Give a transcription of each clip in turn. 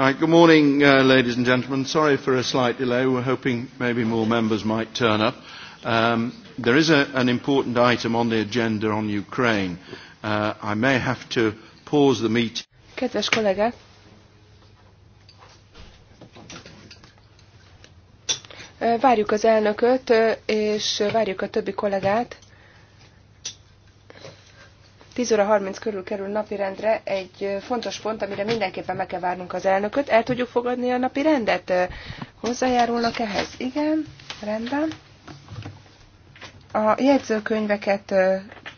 Right, good morning, uh, ladies and gentlemen. Sorry for a slight delay. We're hoping maybe more members might turn up. Um, there is a, an important item on the agenda on Ukraine. Uh, I may have to pause the meeting. Kedves kollégák, várjuk az elnököt, és várjuk a többi kollégát. 10 óra 30 körül kerül napirendre egy fontos pont, amire mindenképpen meg kell várnunk az elnököt. El tudjuk fogadni a napi rendet? Hozzájárulnak ehhez? Igen, rendben. A jegyzőkönyveket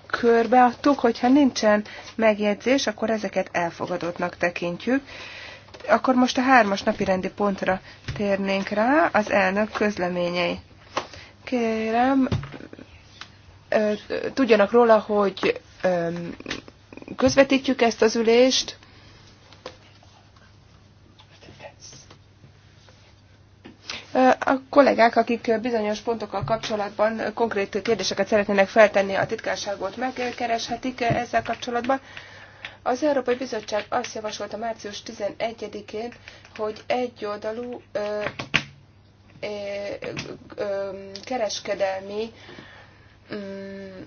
körbeadtuk, hogyha nincsen megjegyzés, akkor ezeket elfogadottnak tekintjük. Akkor most a hármas napi rendi pontra térnénk rá, az elnök közleményei. Kérem, tudjanak róla, hogy közvetítjük ezt az ülést. A kollégák, akik bizonyos pontokkal kapcsolatban konkrét kérdéseket szeretnének feltenni, a titkárságot megkereshetik ezzel kapcsolatban. Az Európai Bizottság azt javasolta március 11-én, hogy egyoldalú ö, ö, ö, kereskedelmi mm,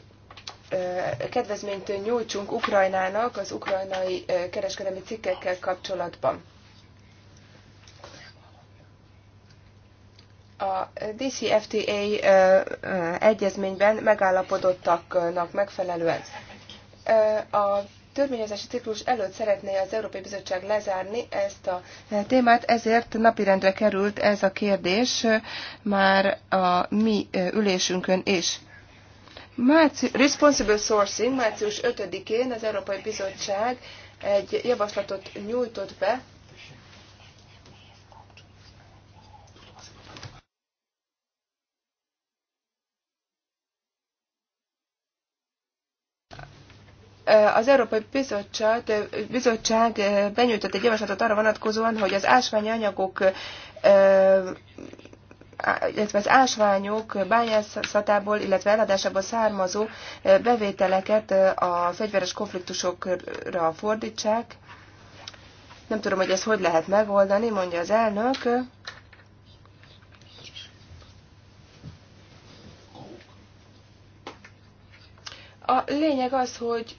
kedvezményt nyújtsunk Ukrajnának az ukrajnai kereskedelmi cikkekkel kapcsolatban. A DCFTA egyezményben megállapodottaknak megfelelően a törvényezési ciklus előtt szeretné az Európai Bizottság lezárni ezt a témát, ezért napirendre került ez a kérdés már a mi ülésünkön is. Márci- Responsible Sourcing március 5-én az Európai Bizottság egy javaslatot nyújtott be, az Európai Bizottság, Bizottság benyújtott egy javaslatot arra vonatkozóan, hogy az ásványi anyagok illetve az ásványok bányászatából, illetve eladásából származó bevételeket a fegyveres konfliktusokra fordítsák. Nem tudom, hogy ezt hogy lehet megoldani, mondja az elnök. A lényeg az, hogy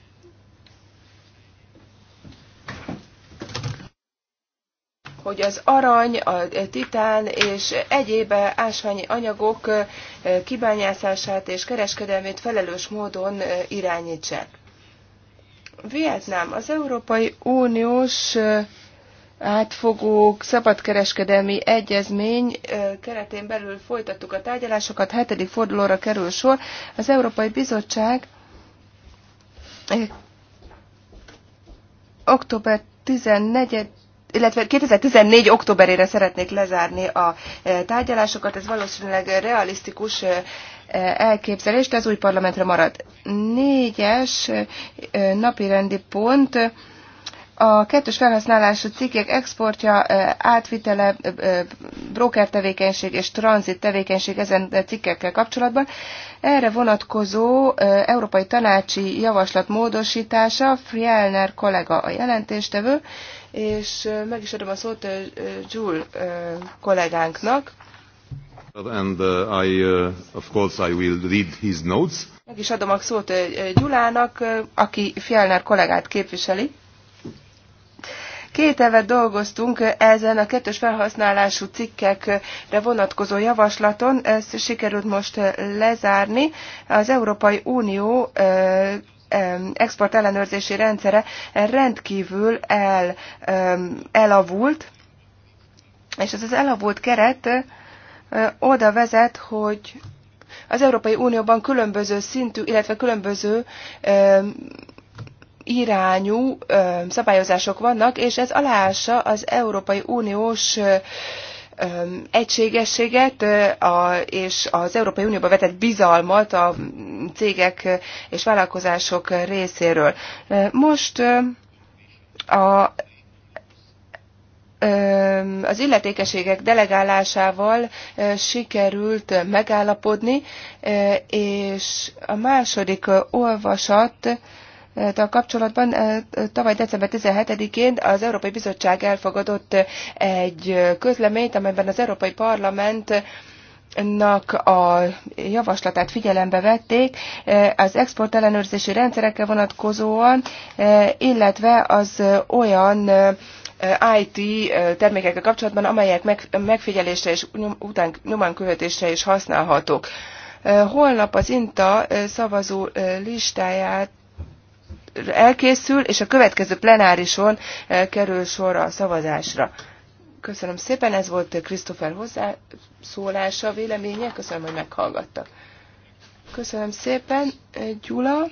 hogy az arany, a titán és egyéb ásványi anyagok kibányászását és kereskedelmét felelős módon irányítsák. Vietnám, az Európai Uniós átfogó szabadkereskedelmi egyezmény keretén belül folytattuk a tárgyalásokat, hetedik fordulóra kerül sor. Az Európai Bizottság október 14 illetve 2014. októberére szeretnék lezárni a e, tárgyalásokat. Ez valószínűleg realisztikus e, e, elképzelés, de az új parlamentre marad. Négyes napi rendi pont. A kettős felhasználású cikkek exportja, átvitele, broker tevékenység és tranzit tevékenység ezen cikkekkel kapcsolatban. Erre vonatkozó Európai Tanácsi Javaslat módosítása, Frielner kollega a jelentéstevő, és meg is adom a szót Jules kollégánknak. And uh, I, uh, of course, I will read his notes. Meg is adom a szót Gyulának, aki Fjellner kollégát képviseli. Két évet dolgoztunk ezen a kettős felhasználású cikkekre vonatkozó javaslaton, ezt sikerült most lezárni. Az Európai Unió export ellenőrzési rendszere rendkívül el, elavult, és ez az elavult keret oda vezet, hogy az Európai Unióban különböző szintű, illetve különböző irányú szabályozások vannak, és ez aláássa az Európai Uniós egységességet és az Európai Unióba vetett bizalmat a cégek és vállalkozások részéről. Most a az illetékeségek delegálásával sikerült megállapodni, és a második olvasat kapcsolatban tavaly december 17-én az Európai Bizottság elfogadott egy közleményt, amelyben az Európai Parlament a javaslatát figyelembe vették az export ellenőrzési rendszerekre vonatkozóan, illetve az olyan IT termékekkel kapcsolatban, amelyek megfigyelésre és után követésre is használhatók. Holnap az INTA szavazó listáját elkészül, és a következő plenárison eh, kerül sor a szavazásra. Köszönöm szépen, ez volt Christopher hozzászólása, véleménye, köszönöm, hogy meghallgattak. Köszönöm szépen, eh, Gyula.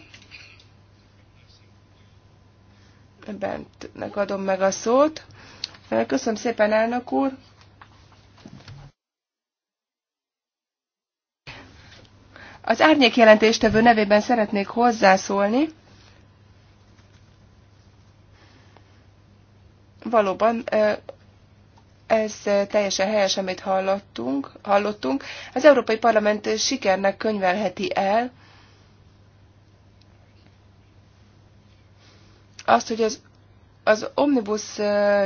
Bentnek adom meg a szót. Eh, köszönöm szépen, elnök úr. Az árnyék jelentéstevő nevében szeretnék hozzászólni. valóban ez teljesen helyes, amit hallottunk, hallottunk. Az Európai Parlament sikernek könyvelheti el azt, hogy az az omnibus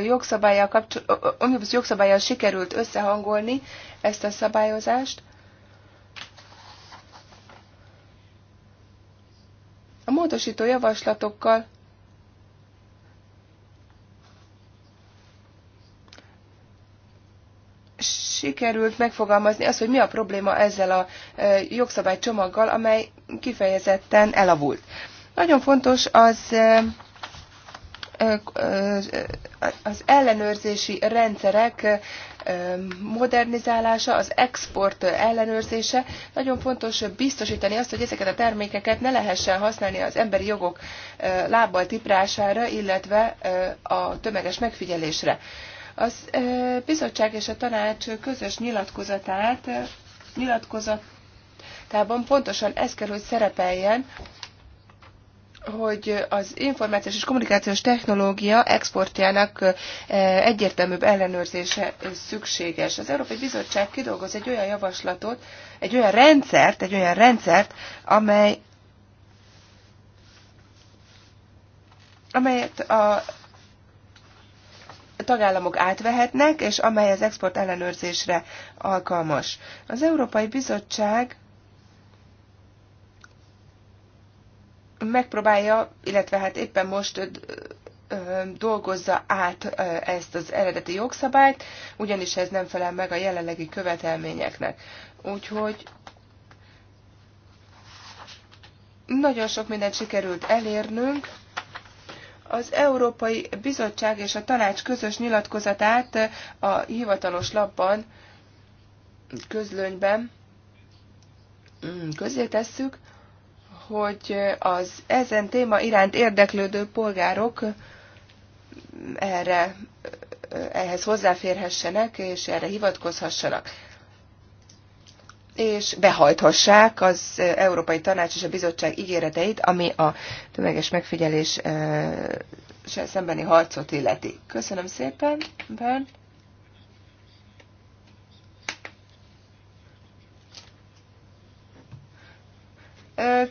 jogszabályjal, kapcsol- omnibus jogszabályjal sikerült összehangolni ezt a szabályozást. A módosító javaslatokkal sikerült megfogalmazni azt, hogy mi a probléma ezzel a e, jogszabálycsomaggal, amely kifejezetten elavult. Nagyon fontos az e, e, az ellenőrzési rendszerek modernizálása, az export ellenőrzése. Nagyon fontos biztosítani azt, hogy ezeket a termékeket ne lehessen használni az emberi jogok lábbal tiprására, illetve a tömeges megfigyelésre. A bizottság és a tanács közös nyilatkozatát, nyilatkozatában pontosan ez kell, hogy szerepeljen, hogy az információs és kommunikációs technológia exportjának egyértelműbb ellenőrzése szükséges. Az Európai Bizottság kidolgoz egy olyan javaslatot, egy olyan rendszert, egy olyan rendszert, amely amelyet a tagállamok átvehetnek, és amely az export ellenőrzésre alkalmas. Az Európai Bizottság megpróbálja, illetve hát éppen most dolgozza át ezt az eredeti jogszabályt, ugyanis ez nem felel meg a jelenlegi követelményeknek. Úgyhogy nagyon sok mindent sikerült elérnünk, az Európai Bizottság és a Tanács közös nyilatkozatát a hivatalos lapban, közlönyben mm, közé tesszük, hogy az ezen téma iránt érdeklődő polgárok erre, ehhez hozzáférhessenek és erre hivatkozhassanak és behajthassák az Európai Tanács és a Bizottság ígéreteit, ami a tömeges megfigyelés eh, szembeni harcot illeti. Köszönöm szépen, Bernd!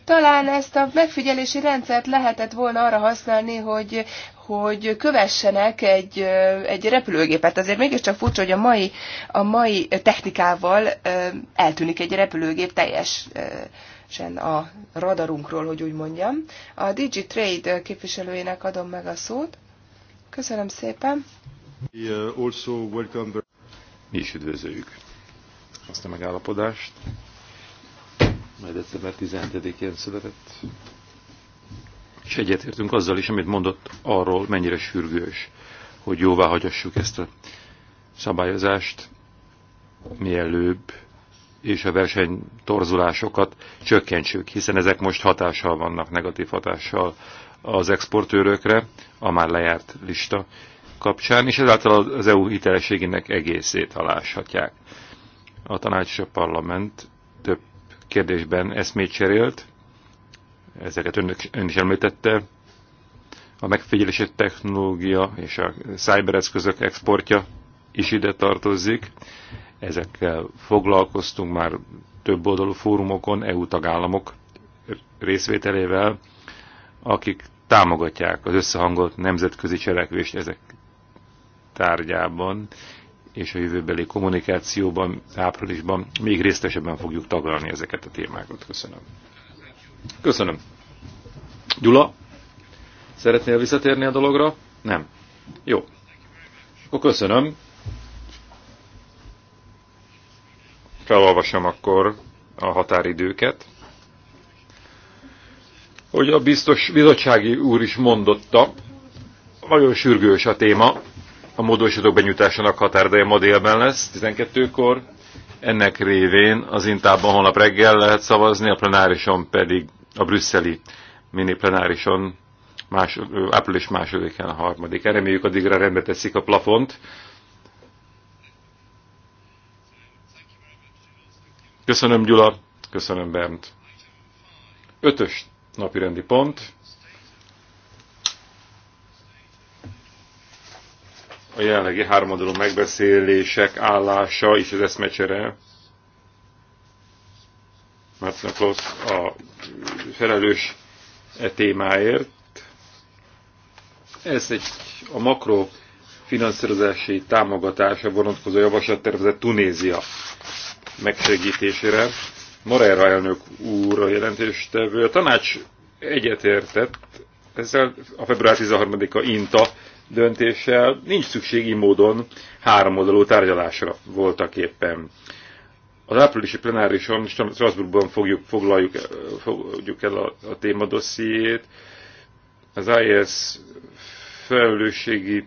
talán ezt a megfigyelési rendszert lehetett volna arra használni, hogy, hogy kövessenek egy, egy repülőgépet. Azért mégiscsak furcsa, hogy a mai, a mai technikával eltűnik egy repülőgép teljesen a radarunkról, hogy úgy mondjam. A DigiTrade képviselőjének adom meg a szót. Köszönöm szépen. Uh, Mi is üdvözöljük azt a megállapodást, mely december 17-én született. És egyetértünk azzal is, amit mondott arról, mennyire sürgős, hogy jóvá hagyassuk ezt a szabályozást mielőbb, és a versenytorzulásokat csökkentsük, hiszen ezek most hatással vannak, negatív hatással az exportőrökre, a már lejárt lista kapcsán, és ezáltal az EU hitelességének egészét aláshatják. A tanács és a parlament több kérdésben eszmét cserélt, ezeket önök, ön is említette, a megfigyelési technológia és a szájbereszközök exportja is ide tartozik. Ezekkel foglalkoztunk már több oldalú fórumokon, EU tagállamok részvételével, akik támogatják az összehangolt nemzetközi cselekvést ezek tárgyában, és a jövőbeli kommunikációban, áprilisban még részletesebben fogjuk taglalni ezeket a témákat. Köszönöm. Köszönöm. Gyula, szeretnél visszatérni a dologra? Nem. Jó. Akkor köszönöm. Felolvasom akkor a határidőket. Hogy a biztos bizottsági úr is mondotta, nagyon sürgős a téma, a módosítók benyújtásának határideje ma délben lesz, 12-kor. Ennek révén az Intában holnap reggel lehet szavazni, a plenárison pedig a brüsszeli mini plenárison más, április másodikán a harmadik. Reméljük addigra rendbe teszik a plafont. Köszönöm Gyula, köszönöm Bernd. Ötös napi rendi pont. a jelenlegi háromadaló megbeszélések állása és az eszmecsere. Márcina Klosz a felelős e témáért. Ez egy a makro finanszírozási támogatása vonatkozó javaslattervezet Tunézia megsegítésére. Morera elnök úr a jelentéstevő. A tanács egyetértett, ezzel a február 13-a INTA döntéssel nincs szükség így módon háromoldalú tárgyalásra voltak éppen. Az áprilisi plenárison Strasbourgban fogjuk, foglaljuk, eh, fogjuk el a, a témadossziét. Az IS felelősségi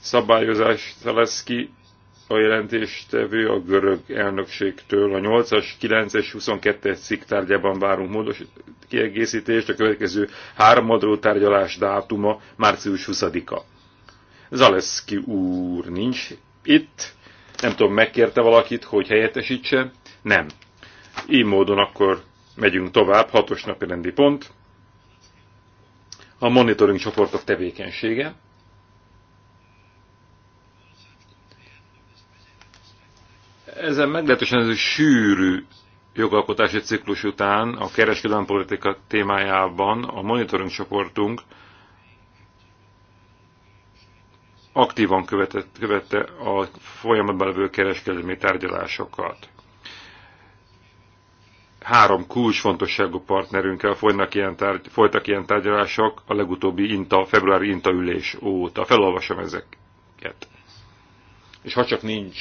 szabályozás lesz ki a jelentéstevő a görög elnökségtől a 8-as, 9-es, 22-es cikk tárgyában várunk módos kiegészítést, a következő háromadó tárgyalás dátuma március 20-a. Zaleszki úr nincs itt, nem tudom, megkérte valakit, hogy helyettesítse? Nem. Így módon akkor megyünk tovább, hatos napi rendi pont. A monitoring csoportok tevékenysége. Ezen meglehetősen ez egy sűrű jogalkotási ciklus után a kereskedelmi politika témájában a monitoring csoportunk aktívan követett, követte a folyamatban levő kereskedelmi tárgyalásokat. Három kulcsfontosságú partnerünkkel folytak ilyen tárgy, folytak ilyen tárgyalások a legutóbbi INTA, februári INTA ülés óta. Felolvasom ezeket. És ha csak nincs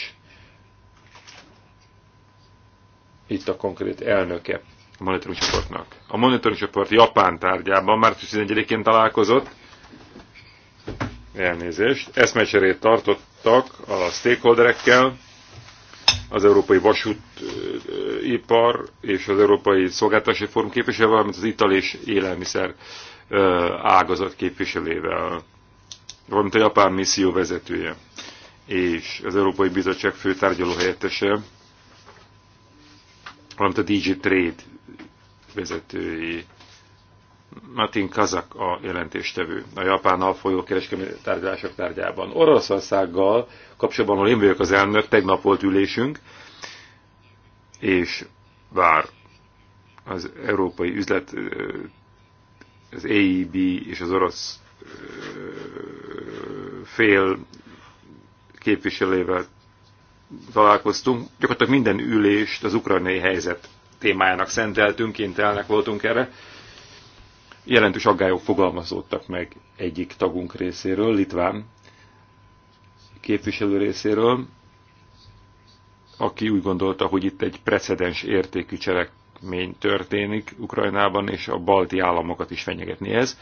itt a konkrét elnöke a monitoring csoportnak. A monitoring csoport Japán tárgyában március 11-én találkozott, elnézést, eszmecserét tartottak a stakeholderekkel, az Európai Vasútipar és az Európai Szolgáltási Fórum képviselővel, valamint az ital és élelmiszer ágazat képviselővel, valamint a japán misszió vezetője és az Európai Bizottság fő tárgyalóhelyettese, valamint a DJ Trade vezetői. Martin Kazak a jelentéstevő a Japánnal folyó kereskedelmi tárgyalások tárgyában. Oroszországgal kapcsolatban, ahol én vagyok az elnök, tegnap volt ülésünk, és vár az európai üzlet, az EIB és az orosz fél képviselővel találkoztunk, gyakorlatilag minden ülést az ukrajnai helyzet témájának szenteltünk, kintelnek voltunk erre. Jelentős aggályok fogalmazódtak meg egyik tagunk részéről, Litván képviselő részéről, aki úgy gondolta, hogy itt egy precedens értékű cselekmény történik Ukrajnában, és a balti államokat is fenyegetni ez.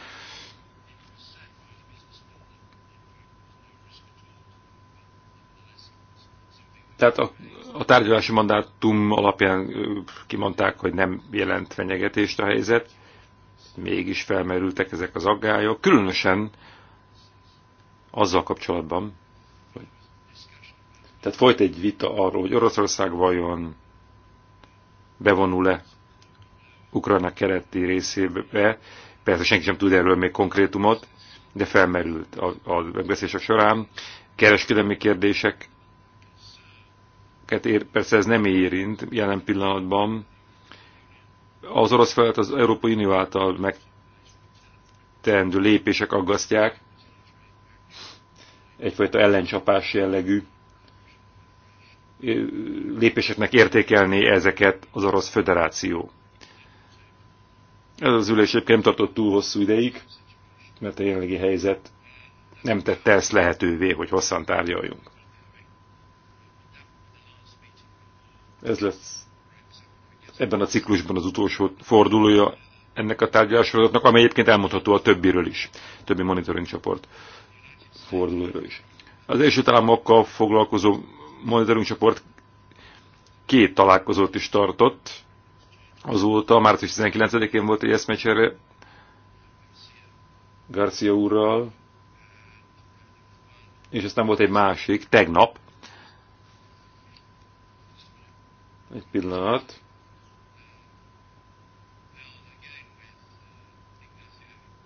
Tehát a, a tárgyalási mandátum alapján kimondták, hogy nem jelent fenyegetést a helyzet, mégis felmerültek ezek az aggályok, különösen azzal kapcsolatban, hogy tehát folyt egy vita arról, hogy Oroszország vajon bevonul-e Ukrajna kereti részébe, persze senki sem tud erről még konkrétumot, de felmerült a, a megbeszélések során. Kereskedelmi kérdések ér, persze ez nem érint jelen pillanatban. Az orosz felett az Európai Unió által megteendő lépések aggasztják. Egyfajta ellencsapás jellegű lépéseknek értékelni ezeket az Orosz Föderáció. Ez az ülés egyébként nem tartott túl hosszú ideig, mert a jelenlegi helyzet nem tette ezt lehetővé, hogy hosszan tárgyaljunk. Ez lesz ebben a ciklusban az utolsó fordulója ennek a tárgyalásodatnak, amely egyébként elmondható a többiről is, többi monitoring csoport fordulóiról is. Az első államokkal foglalkozó monitoring csoport két találkozót is tartott, azóta, március 19-én volt egy eszmecsere Garcia úrral, és aztán volt egy másik, tegnap, Egy pillanat.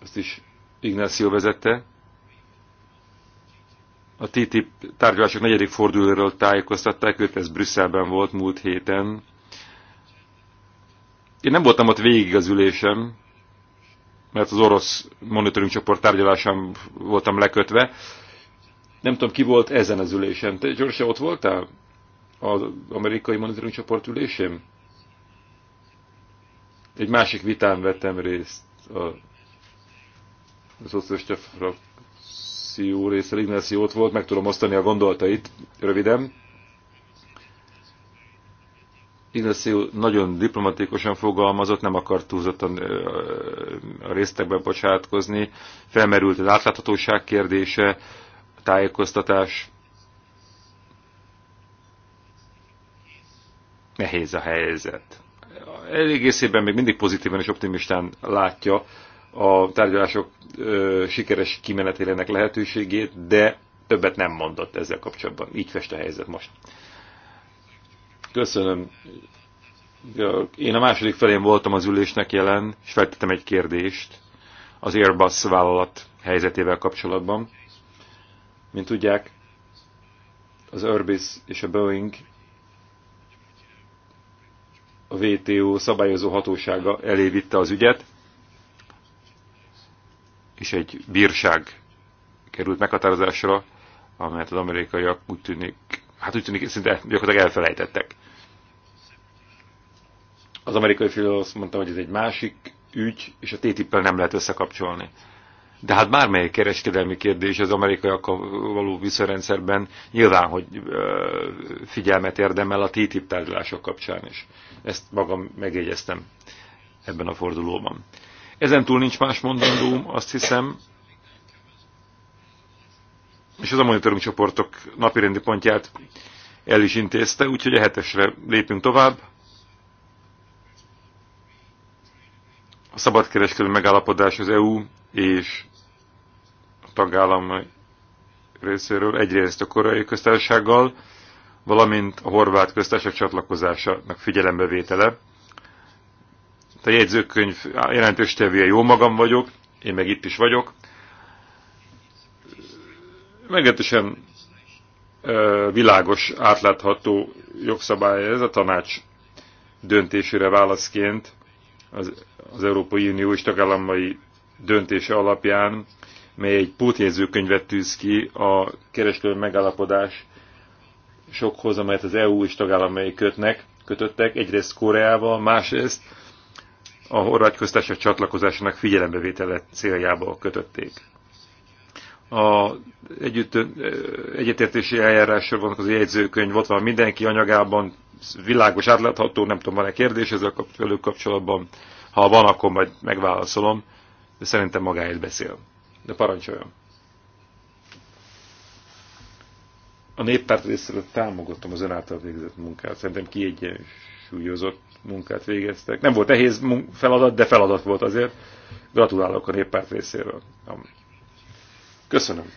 Ezt is Ignacio vezette. A TTIP tárgyalások negyedik fordulóról tájékoztatták őt, ez Brüsszelben volt múlt héten. Én nem voltam ott végig az ülésem, mert az orosz monitoring csoport tárgyalásán voltam lekötve. Nem tudom, ki volt ezen az ülésen. Te gyorsan ott voltál? az amerikai monitoring csoport ülésén? Egy másik vitán vettem részt a, a szocialista frakció része, Ignacio ott volt, meg tudom osztani a gondolatait röviden. Ignacio nagyon diplomatikusan fogalmazott, nem akart túlzottan a résztekbe bocsátkozni. Felmerült az átláthatóság kérdése, a tájékoztatás nehéz a helyzet. Elég észében még mindig pozitívan és optimistán látja a tárgyalások ö, sikeres kimenetének lehetőségét, de többet nem mondott ezzel kapcsolatban. Így fest a helyzet most. Köszönöm. Én a második felén voltam az ülésnek jelen, és feltettem egy kérdést az Airbus vállalat helyzetével kapcsolatban. Mint tudják, az Airbus és a Boeing a WTO szabályozó hatósága elé vitte az ügyet, és egy bírság került meghatározásra, amelyet az amerikaiak úgy tűnik, hát úgy tűnik, szinte gyakorlatilag elfelejtettek. Az amerikai fél azt mondta, hogy ez egy másik ügy, és a ttip nem lehet összekapcsolni de hát bármelyik kereskedelmi kérdés az amerikaiakkal való viszonyrendszerben nyilván, hogy figyelmet érdemel a TTIP tárgyalások kapcsán is. Ezt magam megjegyeztem ebben a fordulóban. Ezen túl nincs más mondandóm, azt hiszem, és az a monitoring csoportok napirendi pontját el is intézte, úgyhogy a hetesre lépünk tovább. A szabadkereskedő megállapodás az EU és tagállam részéről, egyrészt a korai köztársasággal, valamint a horvát köztársaság csatlakozásának figyelembevétele. A jegyzőkönyv jelentős tevője jó magam vagyok, én meg itt is vagyok. Meglehetősen világos, átlátható jogszabály ez a tanács döntésére válaszként az, az Európai Unió és tagállamai döntése alapján mely egy pótjegyzőkönyvet tűz ki a kereskedő megállapodás sokhoz, amelyet az EU és tagállamai kötnek, kötöttek, egyrészt Koreával, másrészt a horvát köztársaság csatlakozásának figyelembevétele céljából kötötték. A együtt, egyetértési eljárásra vonatkozó jegyzőkönyv ott van mindenki anyagában, világos átlátható, nem tudom, van-e kérdés ezzel kapcsolatban, ha van, akkor majd megválaszolom, de szerintem magáért beszél de parancsoljon. A néppárt részéről támogattam az ön által végzett munkát. Szerintem kiegyensúlyozott munkát végeztek. Nem volt nehéz feladat, de feladat volt azért. Gratulálok a néppárt részéről. Köszönöm.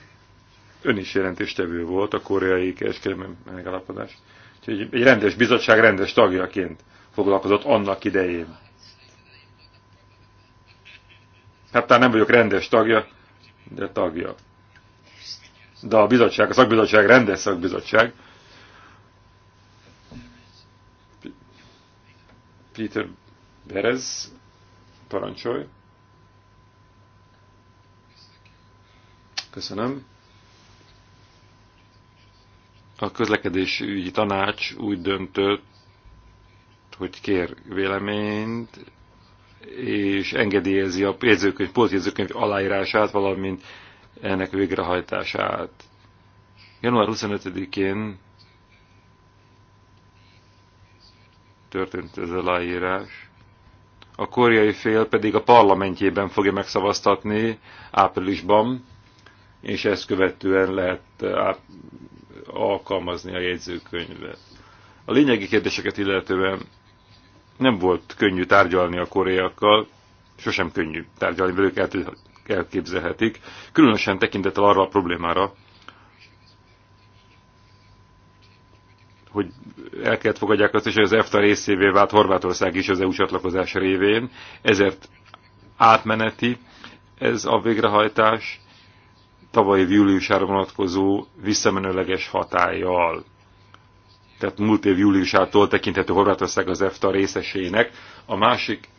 Ön is jelentéstevő volt a koreai kereskedelmi megállapodás. Úgyhogy egy rendes bizottság rendes tagjaként foglalkozott annak idején. Hát talán nem vagyok rendes tagja, de tagja. De a bizottság, a szakbizottság rendes szakbizottság. Peter Berez, parancsolj. Köszönöm. A közlekedési ügyi tanács úgy döntött, hogy kér véleményt és engedélyezi a jegyzőkönyv, pótjegyzőkönyv aláírását, valamint ennek végrehajtását. Január 25-én történt ez aláírás. A koreai fél pedig a parlamentjében fogja megszavaztatni áprilisban, és ezt követően lehet alkalmazni a jegyzőkönyvet. A lényegi kérdéseket illetően nem volt könnyű tárgyalni a koreakkal, sosem könnyű tárgyalni velük, el, elképzelhetik, különösen tekintettel arra a problémára, hogy el kellett fogadják azt is, hogy az EFTA részévé vált Horvátország is az EU csatlakozás révén, ezért átmeneti ez a végrehajtás tavalyi júliusára vonatkozó visszamenőleges hatállyal tehát múlt év júliusától tekinthető Horvátország az EFTA részesének. A másik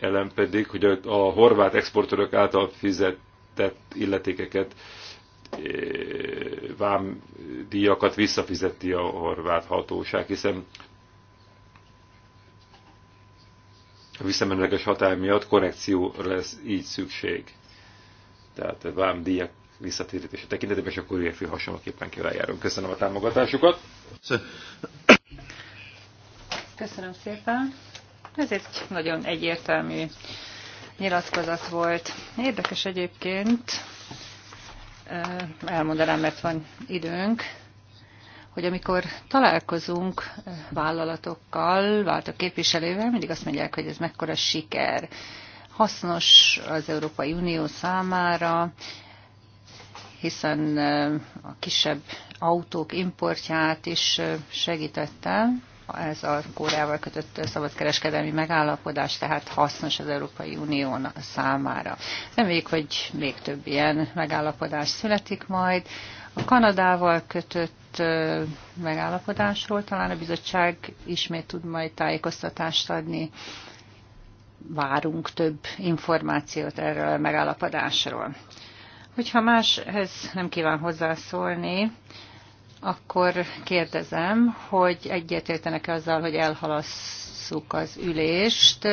elem pedig, hogy a, a horvát exportőrök által fizetett illetékeket, eh, vámdíjakat visszafizeti a horvát hatóság, hiszen a visszamenőleges hatály miatt korrekció lesz így szükség. Tehát a vámdíjak visszatérítése tekintetében, és akkor ilyen hasonlóképpen kell eljárunk. Köszönöm a támogatásukat. Köszönöm szépen. Ez egy nagyon egyértelmű nyilatkozat volt. Érdekes egyébként, eh, elmondanám, mert van időnk, hogy amikor találkozunk eh, vállalatokkal, váltok képviselővel, mindig azt mondják, hogy ez mekkora siker, hasznos az Európai Unió számára, hiszen a kisebb autók importját is segítette ez a Kóreával kötött szabadkereskedelmi megállapodás, tehát hasznos az Európai Unió számára. Reméljük, hogy még több ilyen megállapodás születik majd. A Kanadával kötött megállapodásról talán a bizottság ismét tud majd tájékoztatást adni. Várunk több információt erről a megállapodásról. Hogyha máshez nem kíván hozzászólni, akkor kérdezem, hogy egyetértenek -e azzal, hogy elhalaszt megalasszuk az ülést.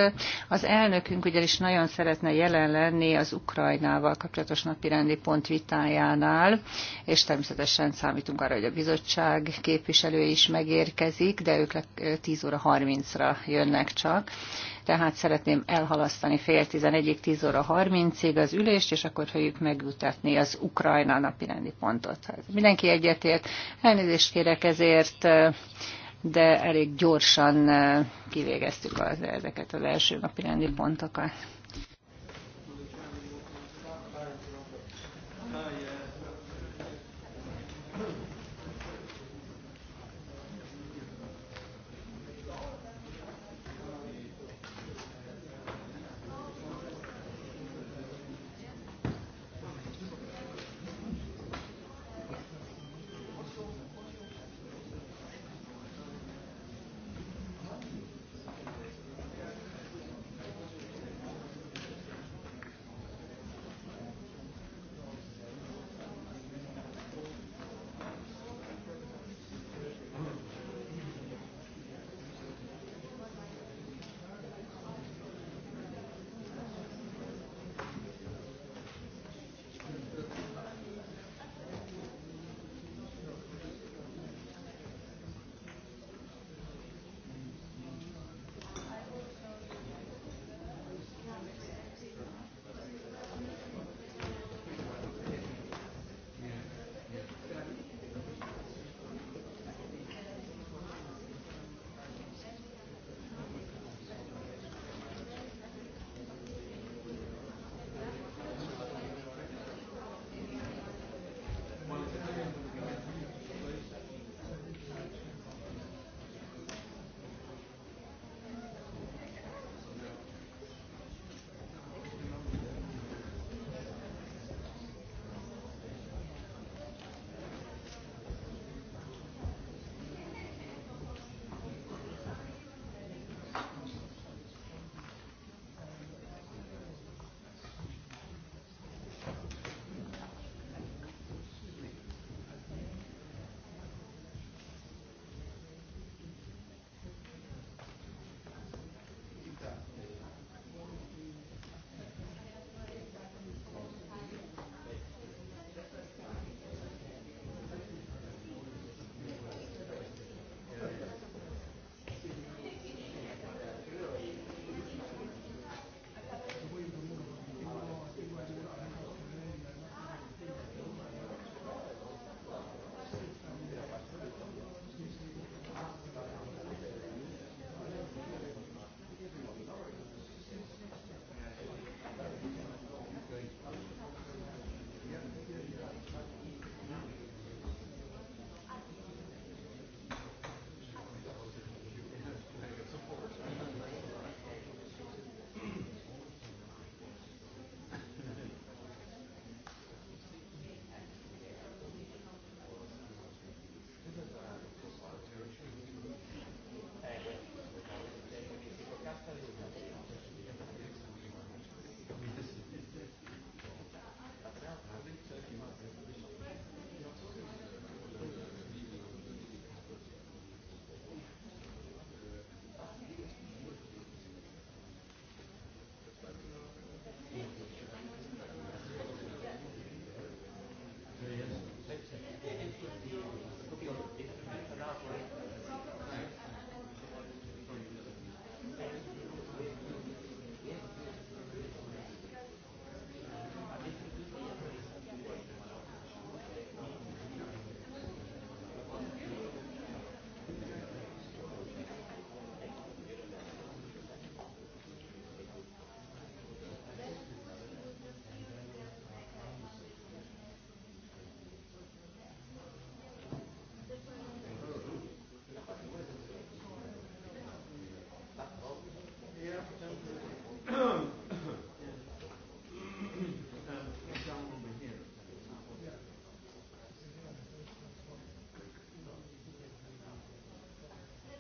Az elnökünk ugyanis nagyon szeretne jelen lenni az Ukrajnával kapcsolatos napirendi pont vitájánál, és természetesen számítunk arra, hogy a bizottság képviselői is megérkezik, de ők 10 óra 30-ra jönnek csak tehát szeretném elhalasztani fél 11-ig, 10 óra 30-ig az ülést, és akkor fogjuk megjutatni az Ukrajna napirendi pontot. Mindenki egyetért, elnézést kérek ezért, de elég gyorsan eh, kivégeztük az, ezeket az első napi rendi pontokat.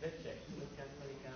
Tetszik, hogy kell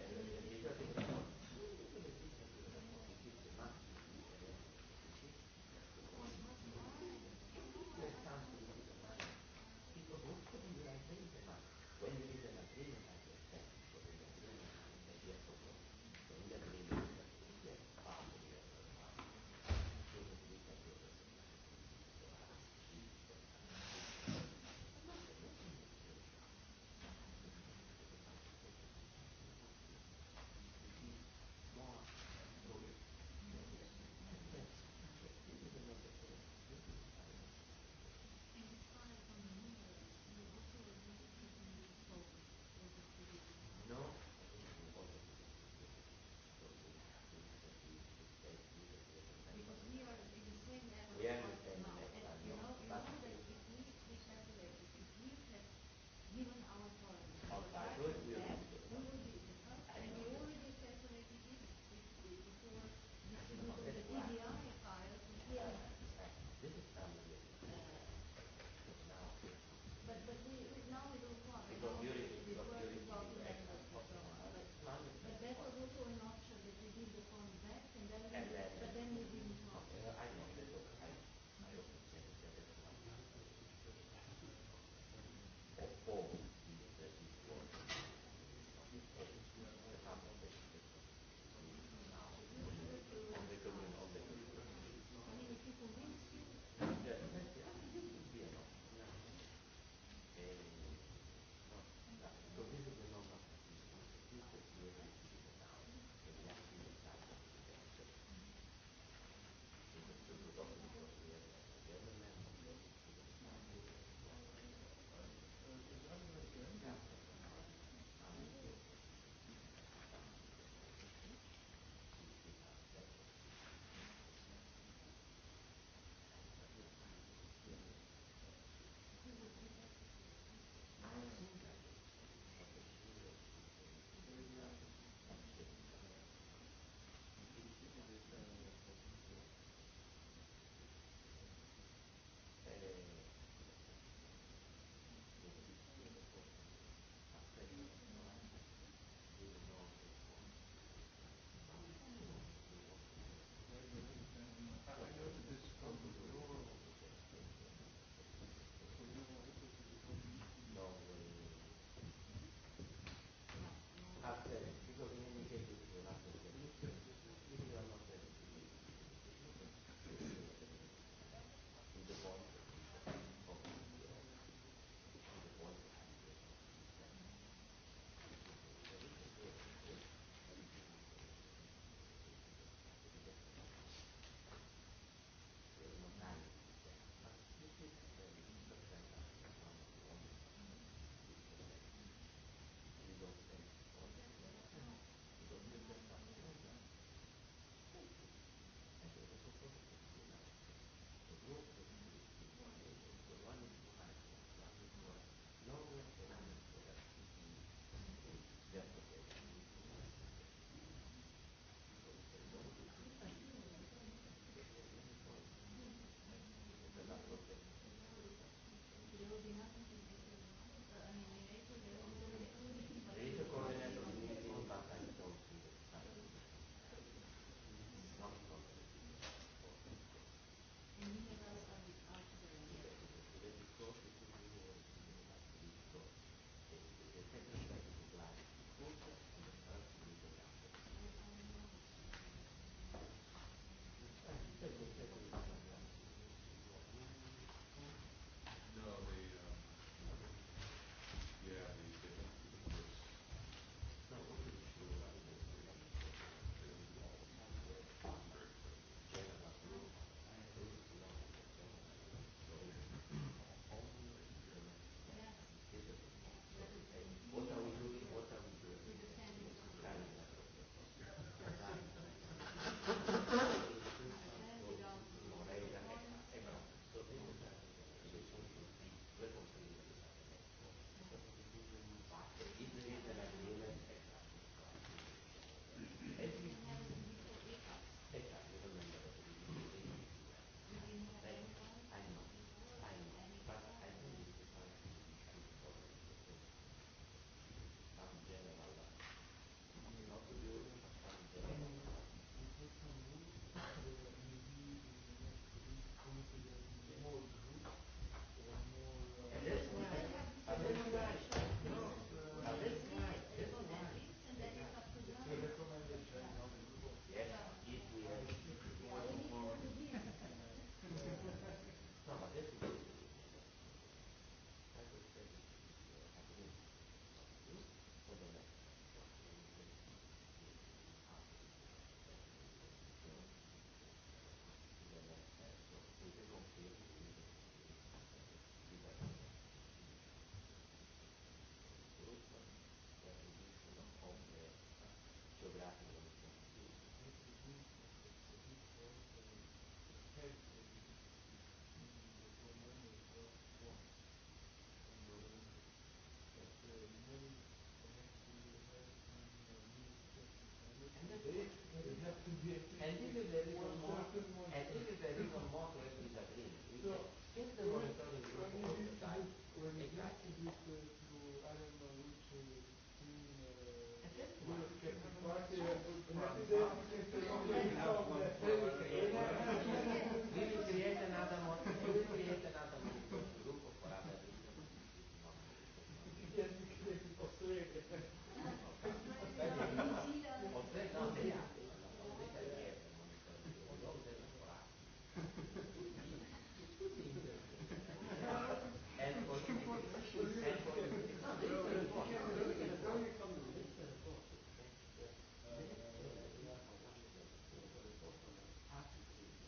Elbirleri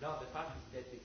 No, the fact is that it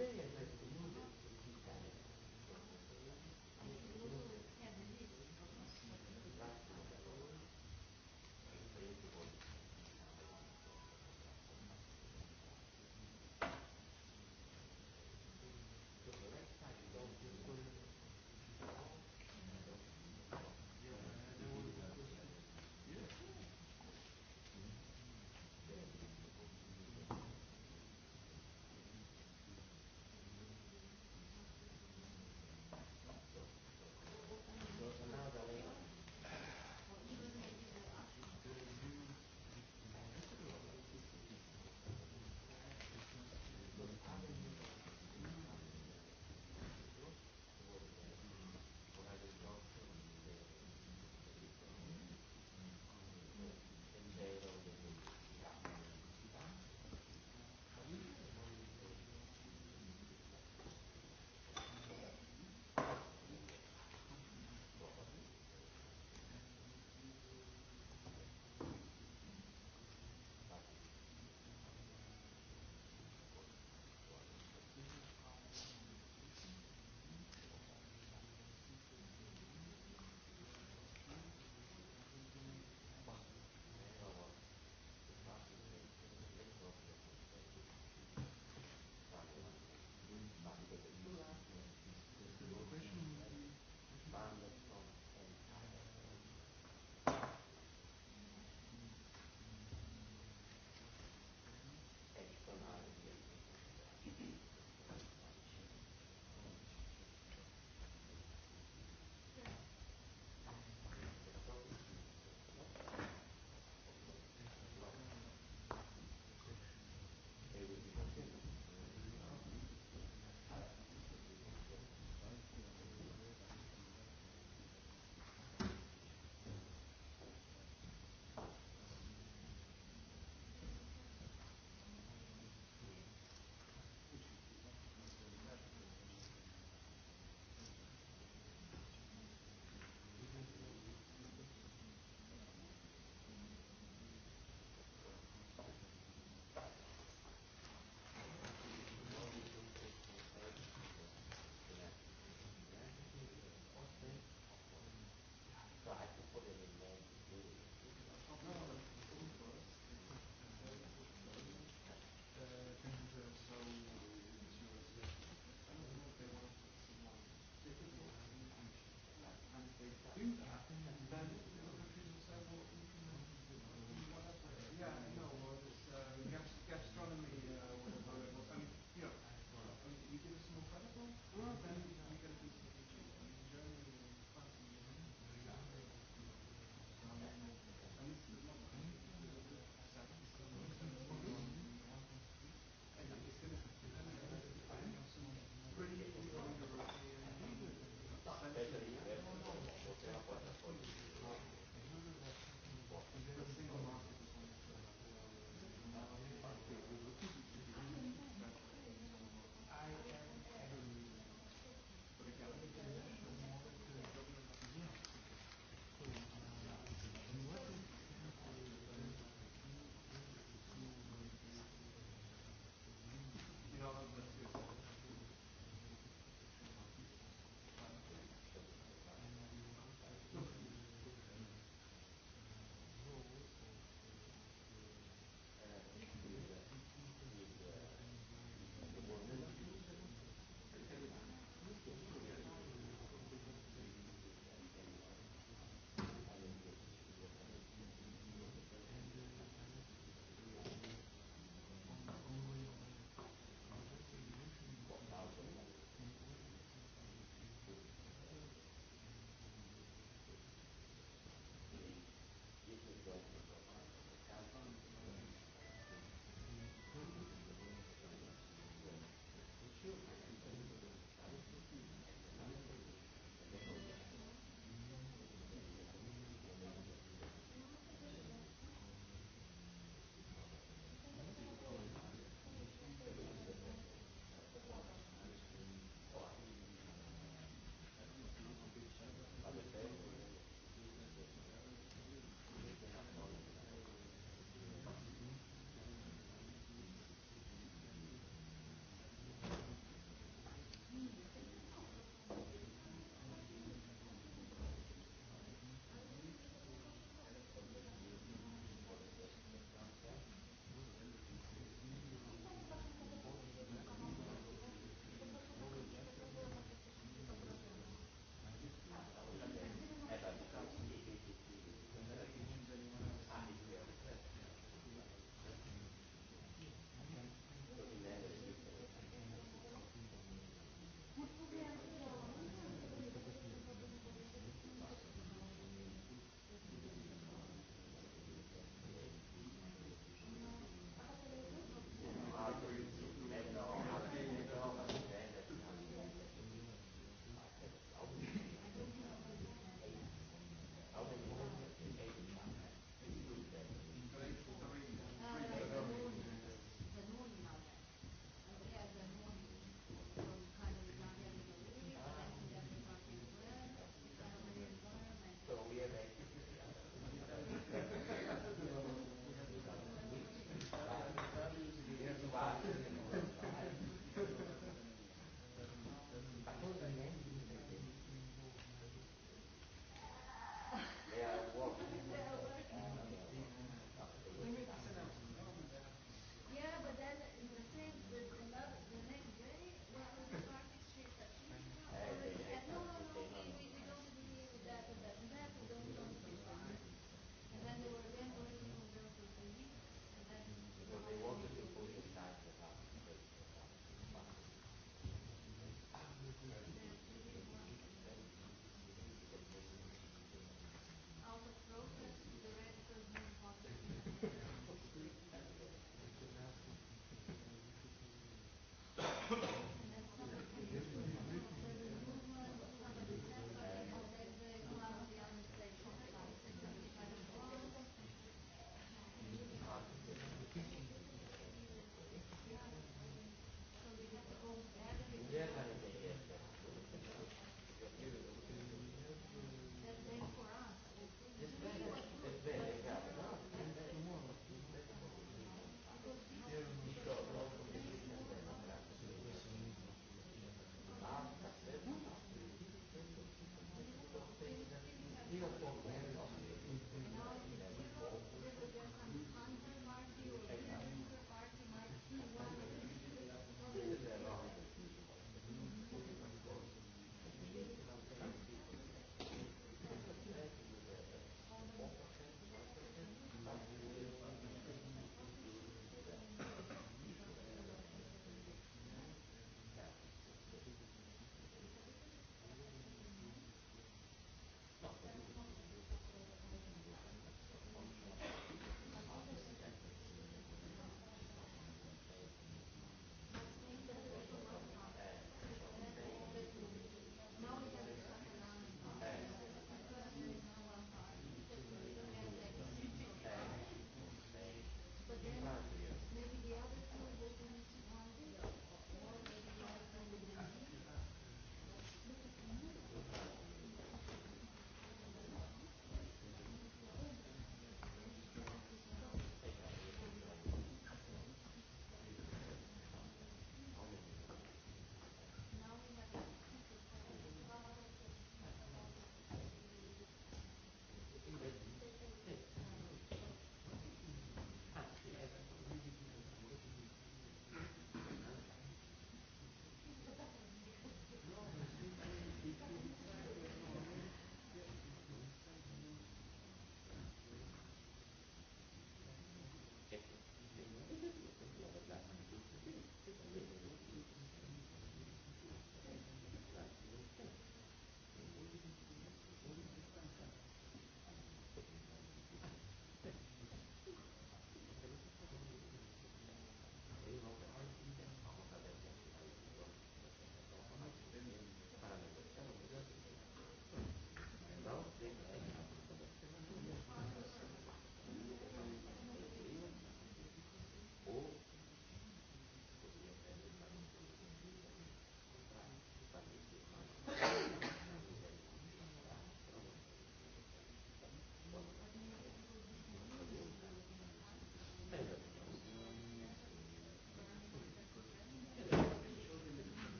Ideje, de...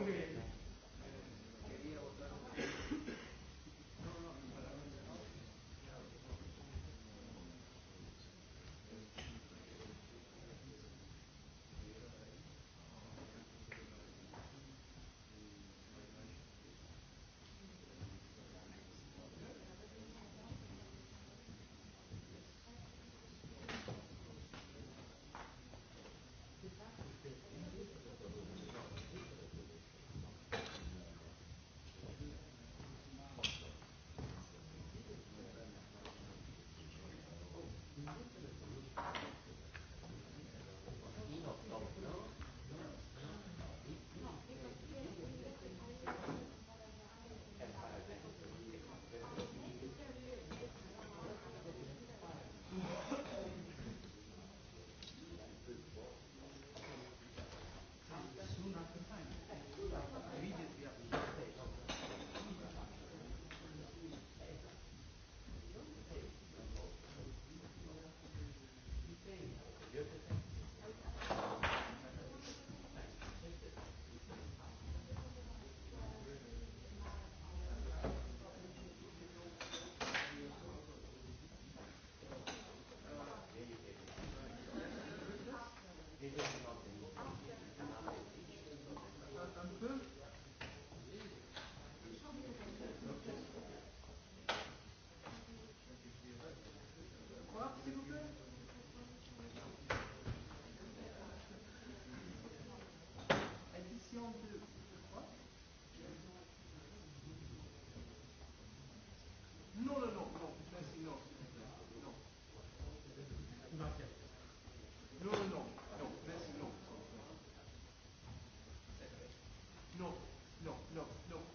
Okay.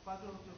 4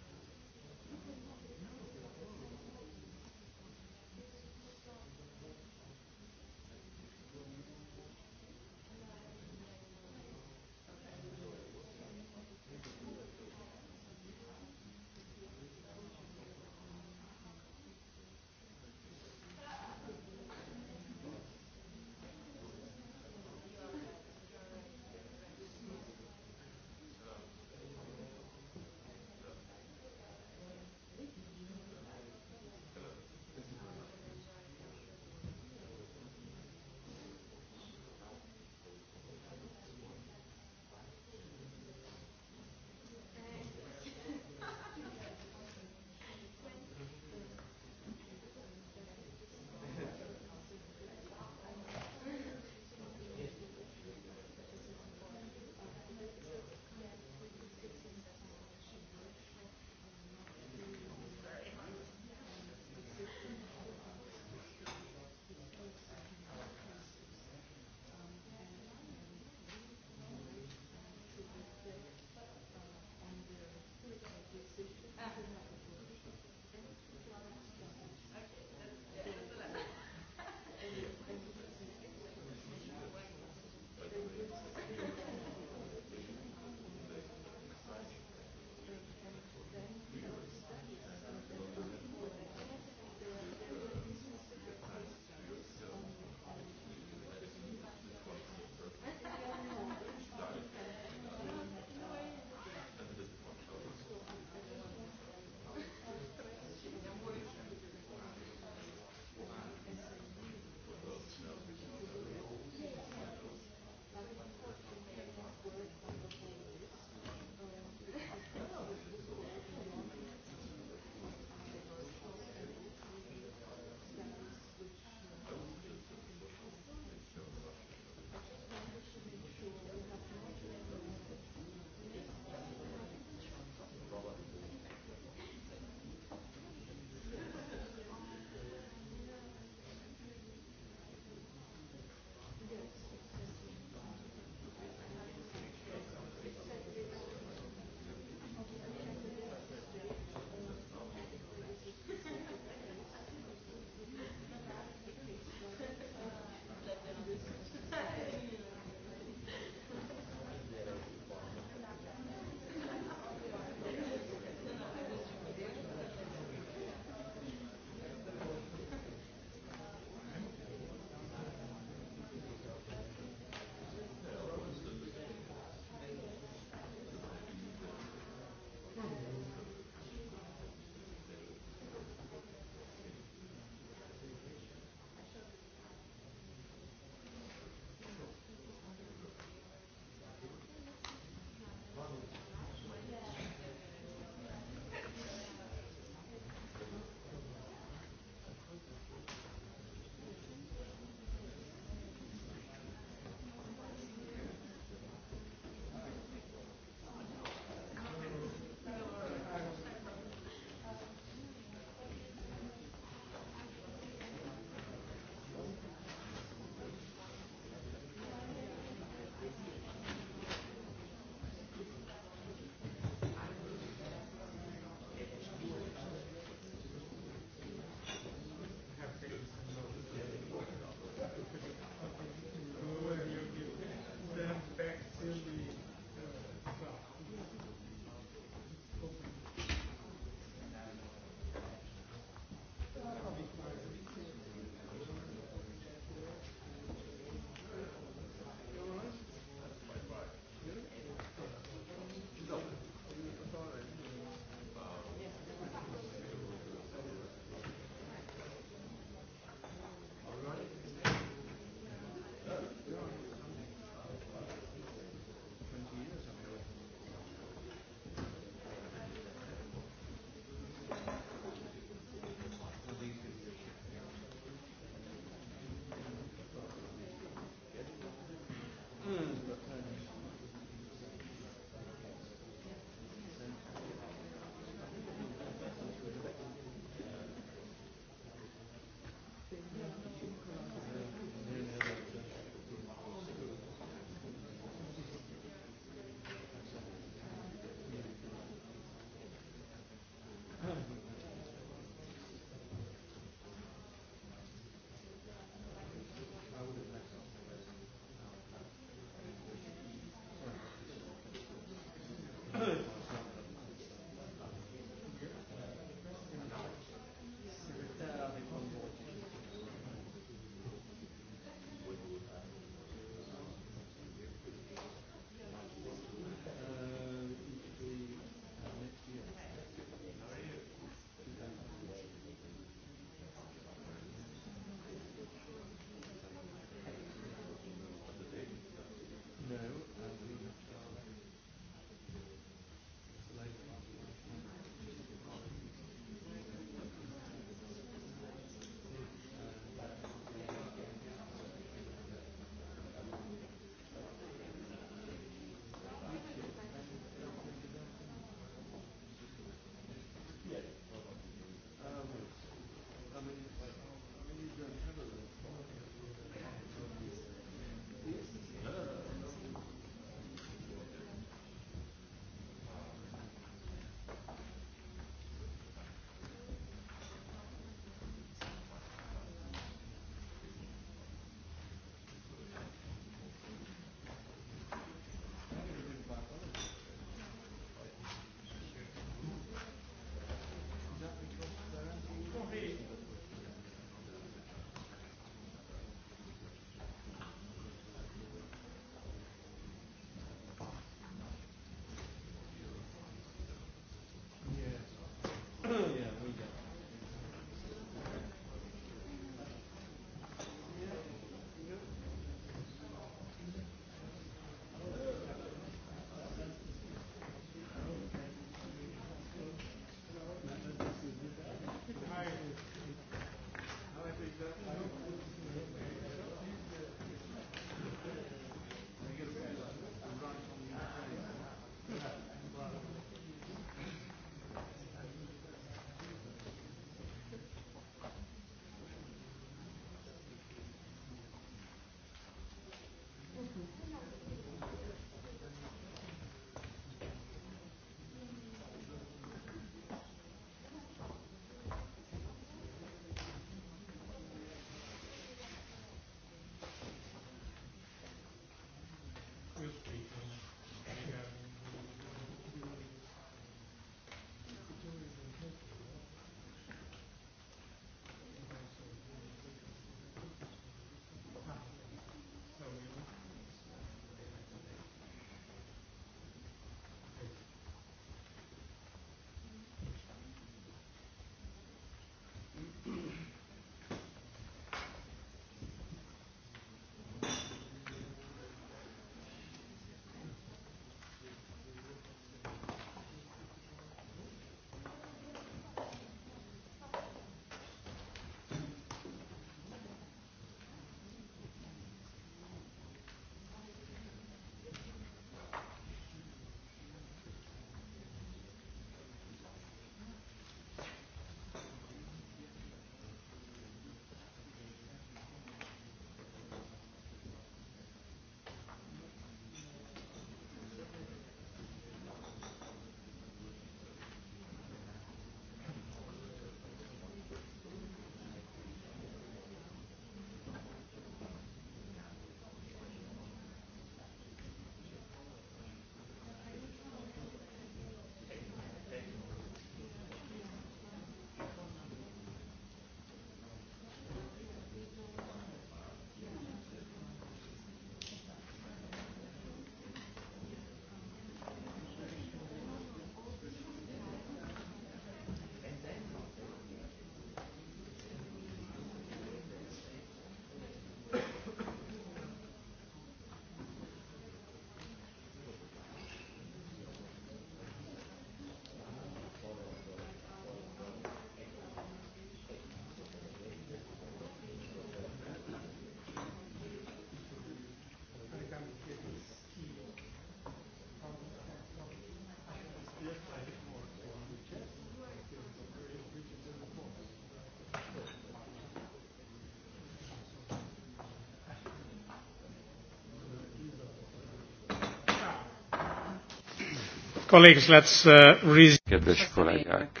Colleagues, let's uh, Kedves kollégák,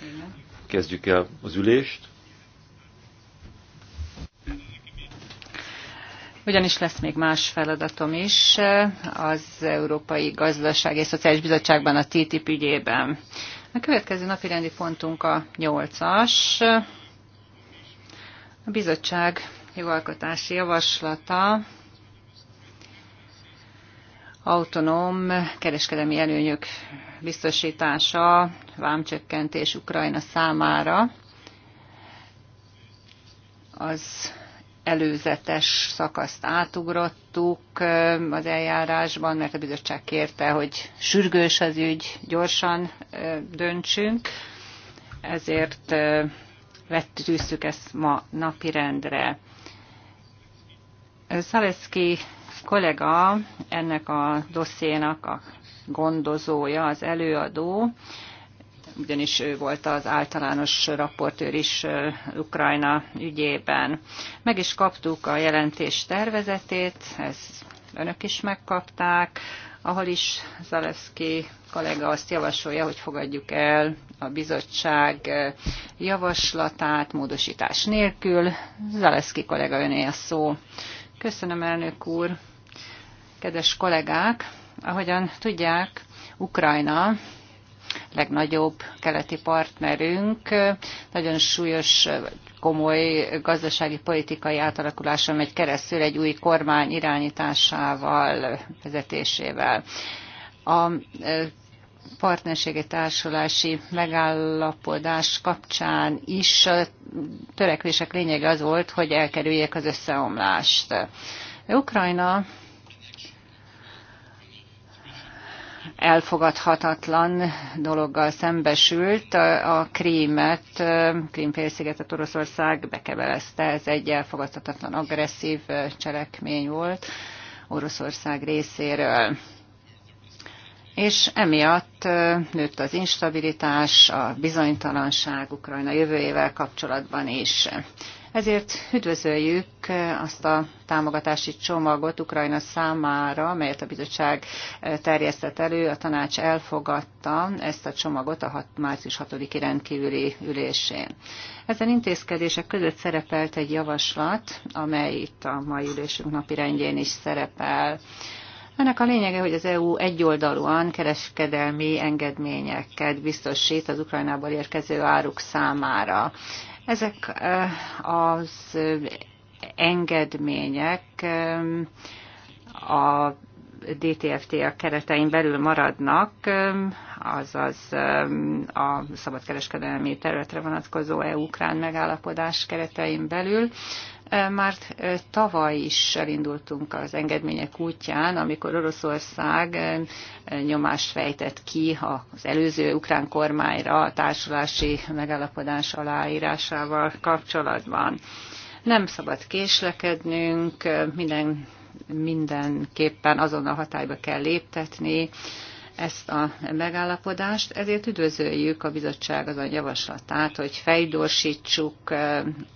kezdjük el az ülést. Ugyanis lesz még más feladatom is uh, az Európai Gazdaság és Szociális Bizottságban a TTIP ügyében. A következő napi rendi pontunk a nyolcas. A bizottság jogalkotási javaslata autonóm kereskedelmi előnyök biztosítása, vámcsökkentés Ukrajna számára az előzetes szakaszt átugrottuk eh, az eljárásban, mert a bizottság kérte, hogy sürgős az ügy, gyorsan eh, döntsünk, ezért eh, vettűztük ezt ma napirendre. Szaleszki kollega ennek a dossziénak a gondozója, az előadó, ugyanis ő volt az általános raportőr is Ukrajna ügyében. Meg is kaptuk a jelentés tervezetét, ezt önök is megkapták, ahol is Zaleszki kollega azt javasolja, hogy fogadjuk el a bizottság javaslatát módosítás nélkül. Zaleszki kollega öné a szó. Köszönöm, elnök úr! Kedves kollégák! Ahogyan tudják, Ukrajna legnagyobb keleti partnerünk nagyon súlyos, komoly gazdasági politikai átalakuláson megy keresztül egy új kormány irányításával, vezetésével. A e, partnerségi társulási megállapodás kapcsán is a törekvések lényege az volt, hogy elkerüljék az összeomlást. Ukrajna elfogadhatatlan dologgal szembesült. A Krímet, Krímfélszigetet Oroszország bekevelezte, ez egy elfogadhatatlan agresszív cselekmény volt Oroszország részéről. És emiatt nőtt az instabilitás, a bizonytalanság Ukrajna jövőjével kapcsolatban is. Ezért üdvözöljük azt a támogatási csomagot Ukrajna számára, melyet a bizottság terjesztett elő, a tanács elfogadta ezt a csomagot a 6, március 6-i rendkívüli ülésén. Ezen intézkedések között szerepelt egy javaslat, amely itt a mai ülésünk napi rendjén is szerepel. Ennek a lényege, hogy az EU egyoldalúan kereskedelmi engedményeket biztosít az Ukrajnából érkező áruk számára. Ezek az engedmények a DTFT a keretein belül maradnak, azaz a szabadkereskedelmi területre vonatkozó EU-ukrán megállapodás keretein belül, Eh, már eh, tavaly is elindultunk az engedmények útján, amikor Oroszország eh, nyomást fejtett ki az előző ukrán kormányra a társulási megállapodás aláírásával kapcsolatban. Nem szabad késlekednünk, minden mindenképpen azonnal hatályba kell léptetni, ezt a megállapodást, ezért üdvözöljük a bizottság azon javaslatát, hogy fejdorsítsuk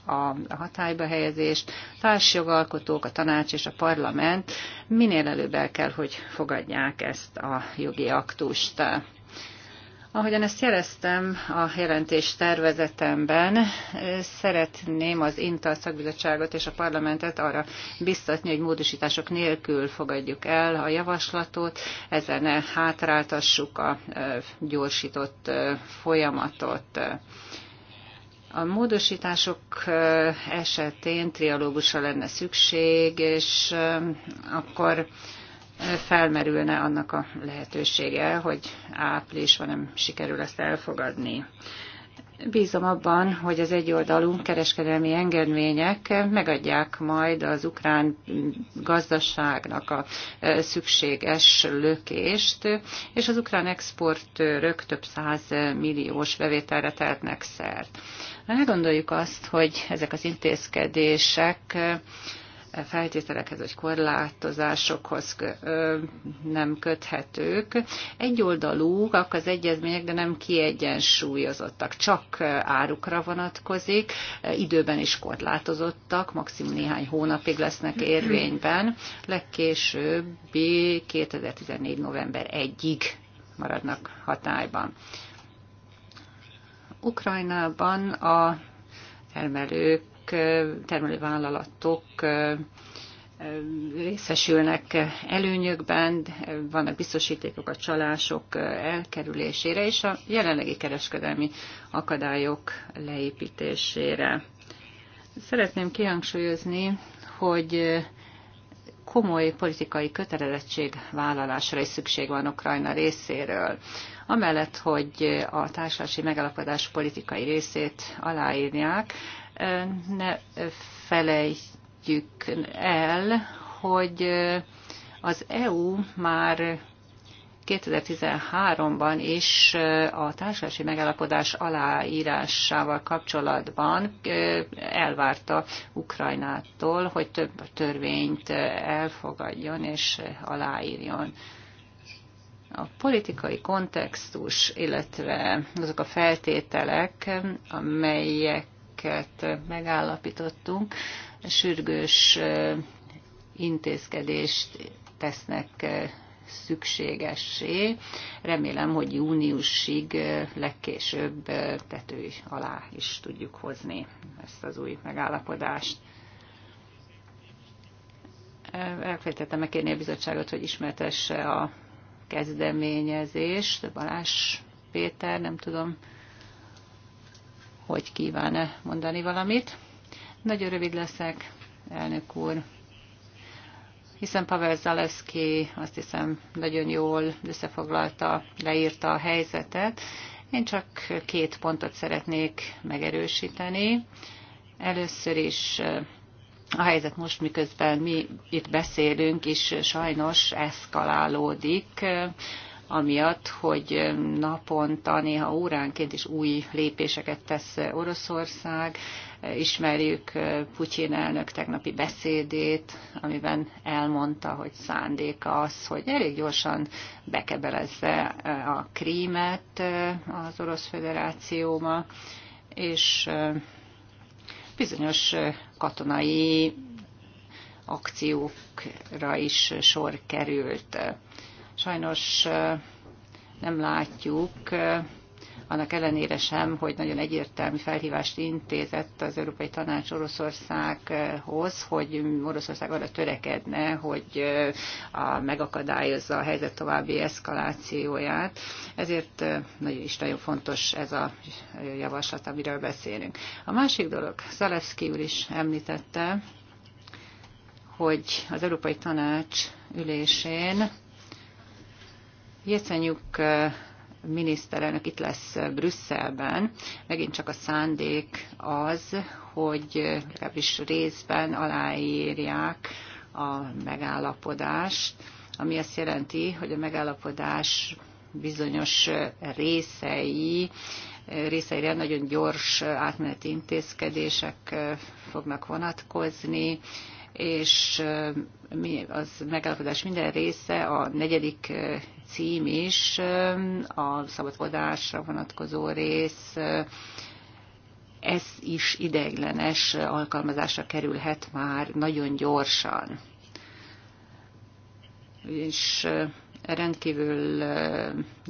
a hatályba helyezést, társjogalkotók, a tanács és a parlament minél előbb el kell, hogy fogadják ezt a jogi aktust. Ahogyan ezt jeleztem a jelentés tervezetemben, szeretném az INTA szakbizottságot és a parlamentet arra biztatni, hogy módosítások nélkül fogadjuk el a javaslatot, ezzel ne hátráltassuk a gyorsított folyamatot. A módosítások esetén trialógusra lenne szükség, és akkor felmerülne annak a lehetősége, hogy van, nem sikerül ezt elfogadni. Bízom abban, hogy az egyoldalú kereskedelmi engedmények megadják majd az ukrán gazdaságnak a e, szükséges lökést, és az ukrán exportőrök több száz milliós bevételre tehetnek szert. meggondoljuk azt, hogy ezek az intézkedések feltételekhez vagy korlátozásokhoz nem köthetők. Egyoldalúak az egyezmények, de nem kiegyensúlyozottak. Csak árukra vonatkozik, időben is korlátozottak, maximum néhány hónapig lesznek érvényben, legkésőbbi 2014. november 1-ig maradnak hatályban. Ukrajnában a termelők termelővállalatok részesülnek előnyökben, vannak biztosítékok a csalások elkerülésére és a jelenlegi kereskedelmi akadályok leépítésére. Szeretném kihangsúlyozni, hogy komoly politikai kötelezettség vállalásra is szükség van Ukrajna részéről. Amellett, hogy a társadalmi megalapodás politikai részét aláírják, ne felejtjük el, hogy az EU már 2013-ban is a társadalmi megállapodás aláírásával kapcsolatban elvárta Ukrajnától, hogy több törvényt elfogadjon és aláírjon. A politikai kontextus, illetve azok a feltételek, amelyek amiket megállapítottunk, sürgős intézkedést tesznek szükségessé. Remélem, hogy júniusig legkésőbb tető alá is tudjuk hozni ezt az új megállapodást. Elfelejtettem megkérni a bizottságot, hogy ismertesse a kezdeményezést. Balázs Péter, nem tudom, hogy kíván-e mondani valamit. Nagyon rövid leszek, elnök úr hiszen Pavel Zaleszki azt hiszem nagyon jól összefoglalta, leírta a helyzetet. Én csak két pontot szeretnék megerősíteni. Először is a helyzet most, miközben mi itt beszélünk, is sajnos eszkalálódik amiatt, hogy naponta, néha óránként is új lépéseket tesz Oroszország. Ismerjük Putyin elnök tegnapi beszédét, amiben elmondta, hogy szándéka az, hogy elég gyorsan bekebelezze a krímet az Orosz Föderációba, és bizonyos katonai akciókra is sor került. Sajnos nem látjuk, annak ellenére sem, hogy nagyon egyértelmű felhívást intézett az Európai Tanács Oroszországhoz, hogy Oroszország arra törekedne, hogy a, megakadályozza a helyzet további eszkalációját. Ezért nagyon is nagyon fontos ez a javaslat, amiről beszélünk. A másik dolog, Zalewski úr is említette, hogy az Európai Tanács ülésén Jeszenyuk miniszterelnök itt lesz Brüsszelben, megint csak a szándék az, hogy legalábbis részben aláírják a megállapodást, ami azt jelenti, hogy a megállapodás bizonyos részei részeire nagyon gyors átmeneti intézkedések fognak vonatkozni, és az megállapodás minden része a negyedik cím is, a szabadkodásra vonatkozó rész, ez is ideiglenes alkalmazásra kerülhet már nagyon gyorsan. És Rendkívül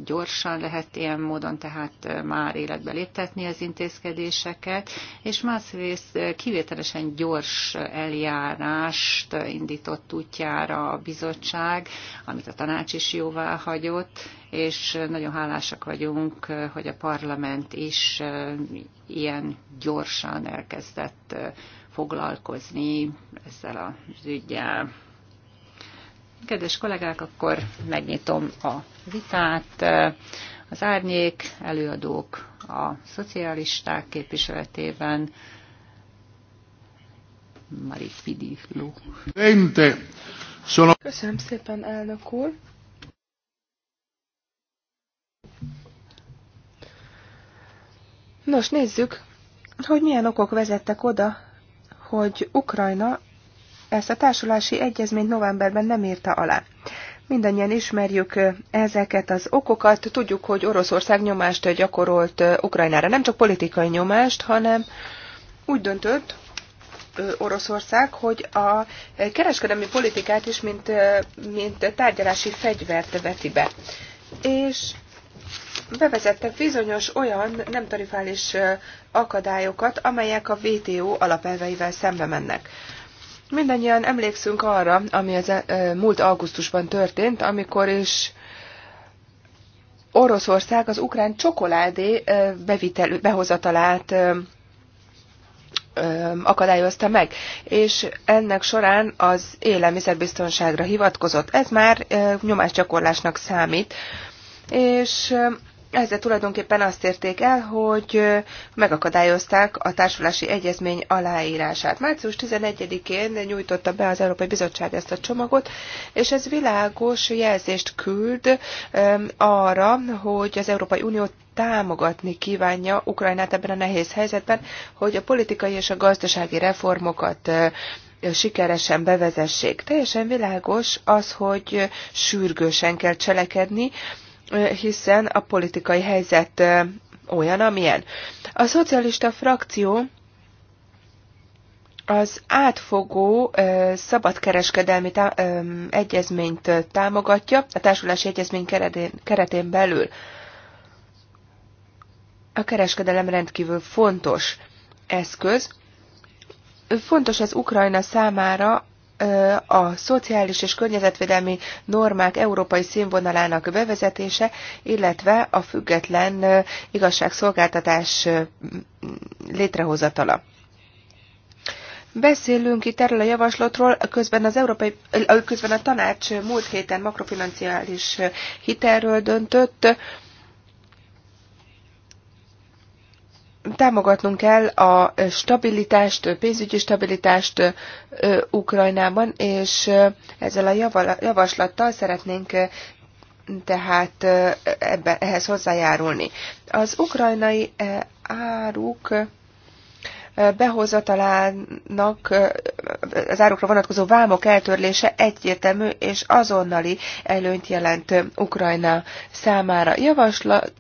gyorsan lehet ilyen módon tehát már életbe léptetni az intézkedéseket, és másrészt kivételesen gyors eljárást indított útjára a bizottság, amit a tanács is jóvá hagyott, és nagyon hálásak vagyunk, hogy a parlament is ilyen gyorsan elkezdett foglalkozni ezzel az ügyel. Kedves kollégák, akkor megnyitom a vitát. Az árnyék előadók a szocialisták képviseletében. Marie Pidillo. Köszönöm szépen, elnök úr. Nos, nézzük, hogy milyen okok vezettek oda, hogy Ukrajna ezt a társulási egyezményt novemberben nem írta alá. Mindannyian ismerjük ezeket az okokat, tudjuk, hogy Oroszország nyomást gyakorolt Ukrajnára, nem csak politikai nyomást, hanem úgy döntött Oroszország, hogy a kereskedelmi politikát is, mint, mint tárgyalási fegyvert veti be. És bevezette bizonyos olyan nem tarifális akadályokat, amelyek a WTO alapelveivel szembe mennek. Mindannyian emlékszünk arra, ami az eh, múlt augusztusban történt, amikor is Oroszország az ukrán csokoládé eh, bevitel, behozatalát eh, akadályozta meg, és ennek során az élelmiszerbiztonságra hivatkozott. Ez már nyomásgyakorlásnak számít, és ezzel tulajdonképpen azt érték el, hogy megakadályozták a társulási egyezmény aláírását. Március 11-én nyújtotta be az Európai Bizottság ezt a csomagot, és ez világos jelzést küld arra, hogy az Európai Unió támogatni kívánja Ukrajnát ebben a nehéz helyzetben, hogy a politikai és a gazdasági reformokat sikeresen bevezessék. Teljesen világos az, hogy sürgősen kell cselekedni, hiszen a politikai helyzet olyan, amilyen. A szocialista frakció az átfogó szabadkereskedelmi tá- egyezményt támogatja a társulási egyezmény keretén, belül. A kereskedelem rendkívül fontos eszköz. Fontos az Ukrajna számára a szociális és környezetvédelmi normák európai színvonalának bevezetése, illetve a független igazságszolgáltatás létrehozatala. Beszélünk itt erről a javaslatról, közben, az Európai, közben a tanács múlt héten makrofinanciális hitelről döntött, támogatnunk kell a stabilitást, pénzügyi stabilitást Ukrajnában, és ezzel a javaslattal szeretnénk tehát ebbe, ehhez hozzájárulni. Az ukrajnai áruk behozatalának, az árukra vonatkozó vámok eltörlése egyértelmű és azonnali előnyt jelent Ukrajna számára. Javaslat,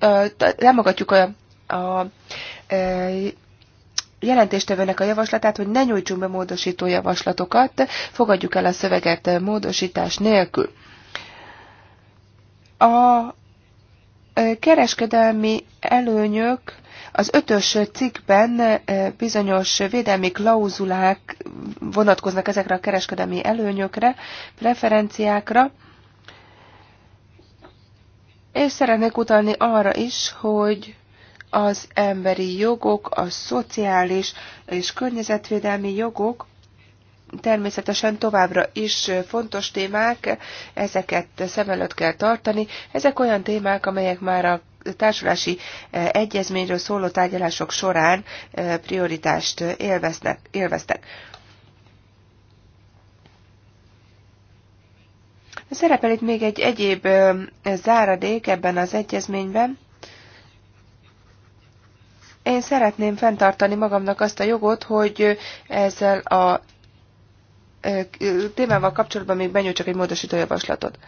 támogatjuk a a e, jelentéstevőnek a javaslatát, hogy ne nyújtsunk be módosító javaslatokat, fogadjuk el a szöveget módosítás nélkül. A e, kereskedelmi előnyök az ötös cikkben e, bizonyos védelmi klauzulák vonatkoznak ezekre a kereskedelmi előnyökre, preferenciákra, és szeretnék utalni arra is, hogy az emberi jogok, a szociális és környezetvédelmi jogok természetesen továbbra is fontos témák, ezeket szem előtt kell tartani. Ezek olyan témák, amelyek már a társulási e, egyezményről szóló tárgyalások során e, prioritást élveznek, élveztek. Szerepel itt még egy egyéb e, záradék ebben az egyezményben, én szeretném fenntartani magamnak azt a jogot, hogy ezzel a témával kapcsolatban még benyújtsak egy módosító javaslatot.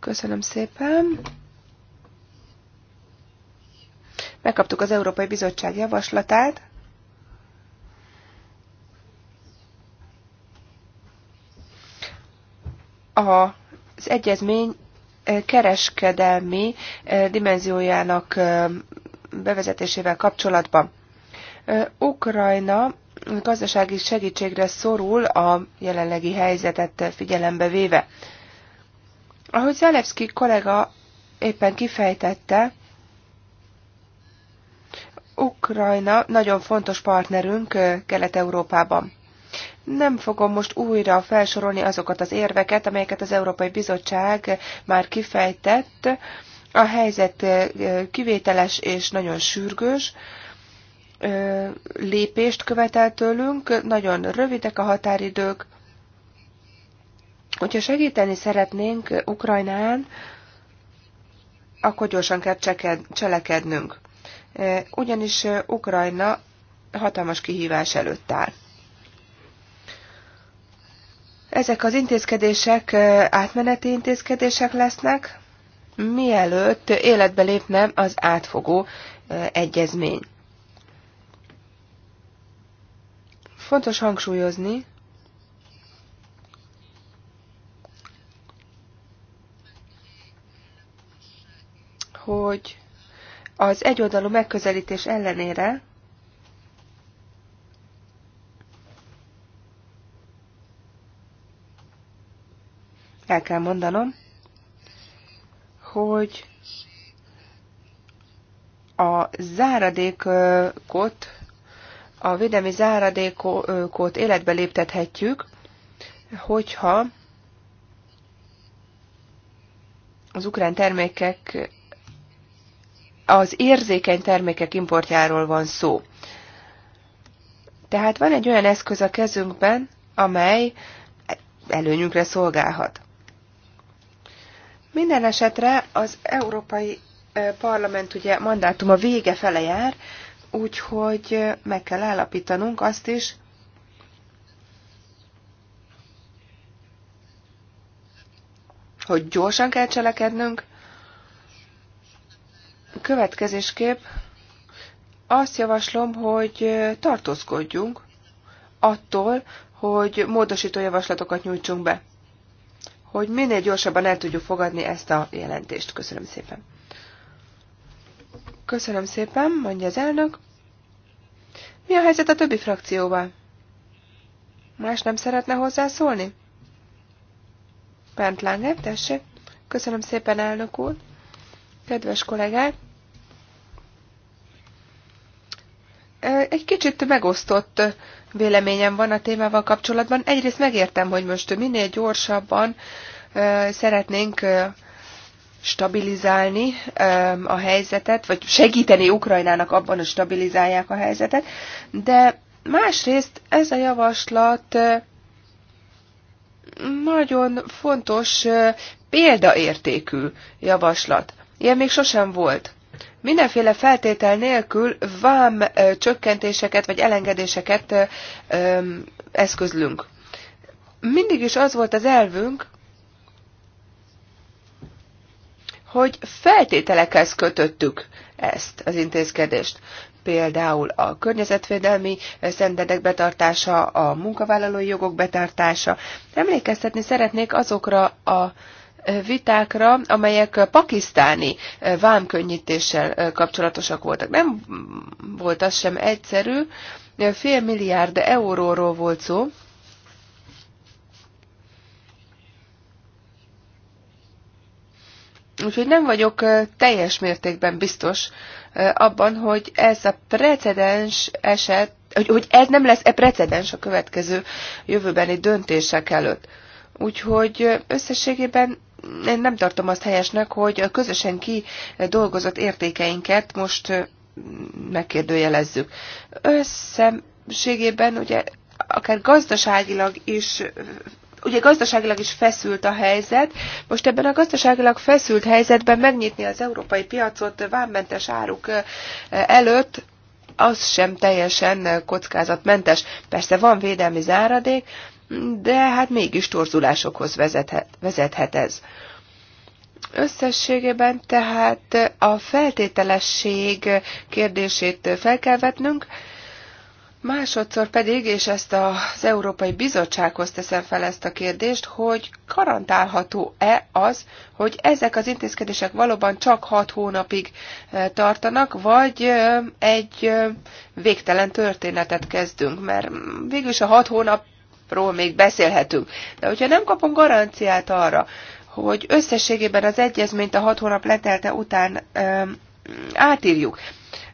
Köszönöm szépen. Megkaptuk az Európai Bizottság javaslatát. A, az egyezmény kereskedelmi dimenziójának bevezetésével kapcsolatban. Ukrajna gazdasági segítségre szorul a jelenlegi helyzetet figyelembe véve. Ahogy Zelevszki kollega éppen kifejtette, Ukrajna nagyon fontos partnerünk Kelet-Európában. Nem fogom most újra felsorolni azokat az érveket, amelyeket az Európai Bizottság már kifejtett. A helyzet kivételes és nagyon sürgős lépést követel tőlünk, nagyon rövidek a határidők. Hogyha segíteni szeretnénk Ukrajnán, akkor gyorsan kell cselekednünk. Ugyanis Ukrajna hatalmas kihívás előtt áll. Ezek az intézkedések átmeneti intézkedések lesznek, mielőtt életbe lépne az átfogó egyezmény. Fontos hangsúlyozni, hogy az egyoldalú megközelítés ellenére el kell mondanom, hogy a záradékot, a védelmi záradékot életbe léptethetjük, hogyha az ukrán termékek, az érzékeny termékek importjáról van szó. Tehát van egy olyan eszköz a kezünkben, amely előnyünkre szolgálhat. Minden esetre az Európai Parlament ugye mandátuma vége fele jár, úgyhogy meg kell állapítanunk azt is, hogy gyorsan kell cselekednünk. Következésképp azt javaslom, hogy tartózkodjunk attól, hogy módosító javaslatokat nyújtsunk be hogy minél gyorsabban el tudjuk fogadni ezt a jelentést. Köszönöm szépen. Köszönöm szépen, mondja az elnök. Mi a helyzet a többi frakcióval? Más nem szeretne hozzászólni? Pent Lange, tessék. Köszönöm szépen, elnök úr. Kedves kollégák, egy kicsit megosztott véleményem van a témával kapcsolatban. Egyrészt megértem, hogy most minél gyorsabban szeretnénk stabilizálni a helyzetet, vagy segíteni Ukrajnának abban, hogy stabilizálják a helyzetet, de másrészt ez a javaslat nagyon fontos példaértékű javaslat. Ilyen még sosem volt mindenféle feltétel nélkül vám csökkentéseket vagy elengedéseket eszközlünk. Mindig is az volt az elvünk, hogy feltételekhez kötöttük ezt az intézkedést. Például a környezetvédelmi szendedek betartása, a munkavállalói jogok betartása. Emlékeztetni szeretnék azokra a vitákra, amelyek pakisztáni eh, vámkönnyítéssel eh, kapcsolatosak voltak. Nem volt az sem egyszerű, fél milliárd euróról volt szó, Úgyhogy nem vagyok eh, teljes mértékben biztos abban, hogy ez a precedens eset, hogy, hogy ez nem lesz e precedens a következő jövőbeni döntések előtt. Úgyhogy összességében én nem tartom azt helyesnek, hogy a közösen ki dolgozott értékeinket most megkérdőjelezzük. Összességében ugye akár gazdaságilag is ugye gazdaságilag is feszült a helyzet, most ebben a gazdaságilag feszült helyzetben megnyitni az európai piacot vámmentes áruk előtt, az sem teljesen kockázatmentes. Persze van védelmi záradék, de hát mégis torzulásokhoz vezethet, vezethet ez. Összességében tehát a feltételesség kérdését fel kell vetnünk, másodszor pedig, és ezt az Európai Bizottsághoz teszem fel ezt a kérdést, hogy garantálható-e az, hogy ezek az intézkedések valóban csak hat hónapig eh, tartanak, vagy eh, egy eh, végtelen történetet kezdünk, mert mm, végülis a hat hónap ról még beszélhetünk. De hogyha nem kapunk garanciát arra, hogy összességében az egyezményt a hat hónap letelte után ö, átírjuk,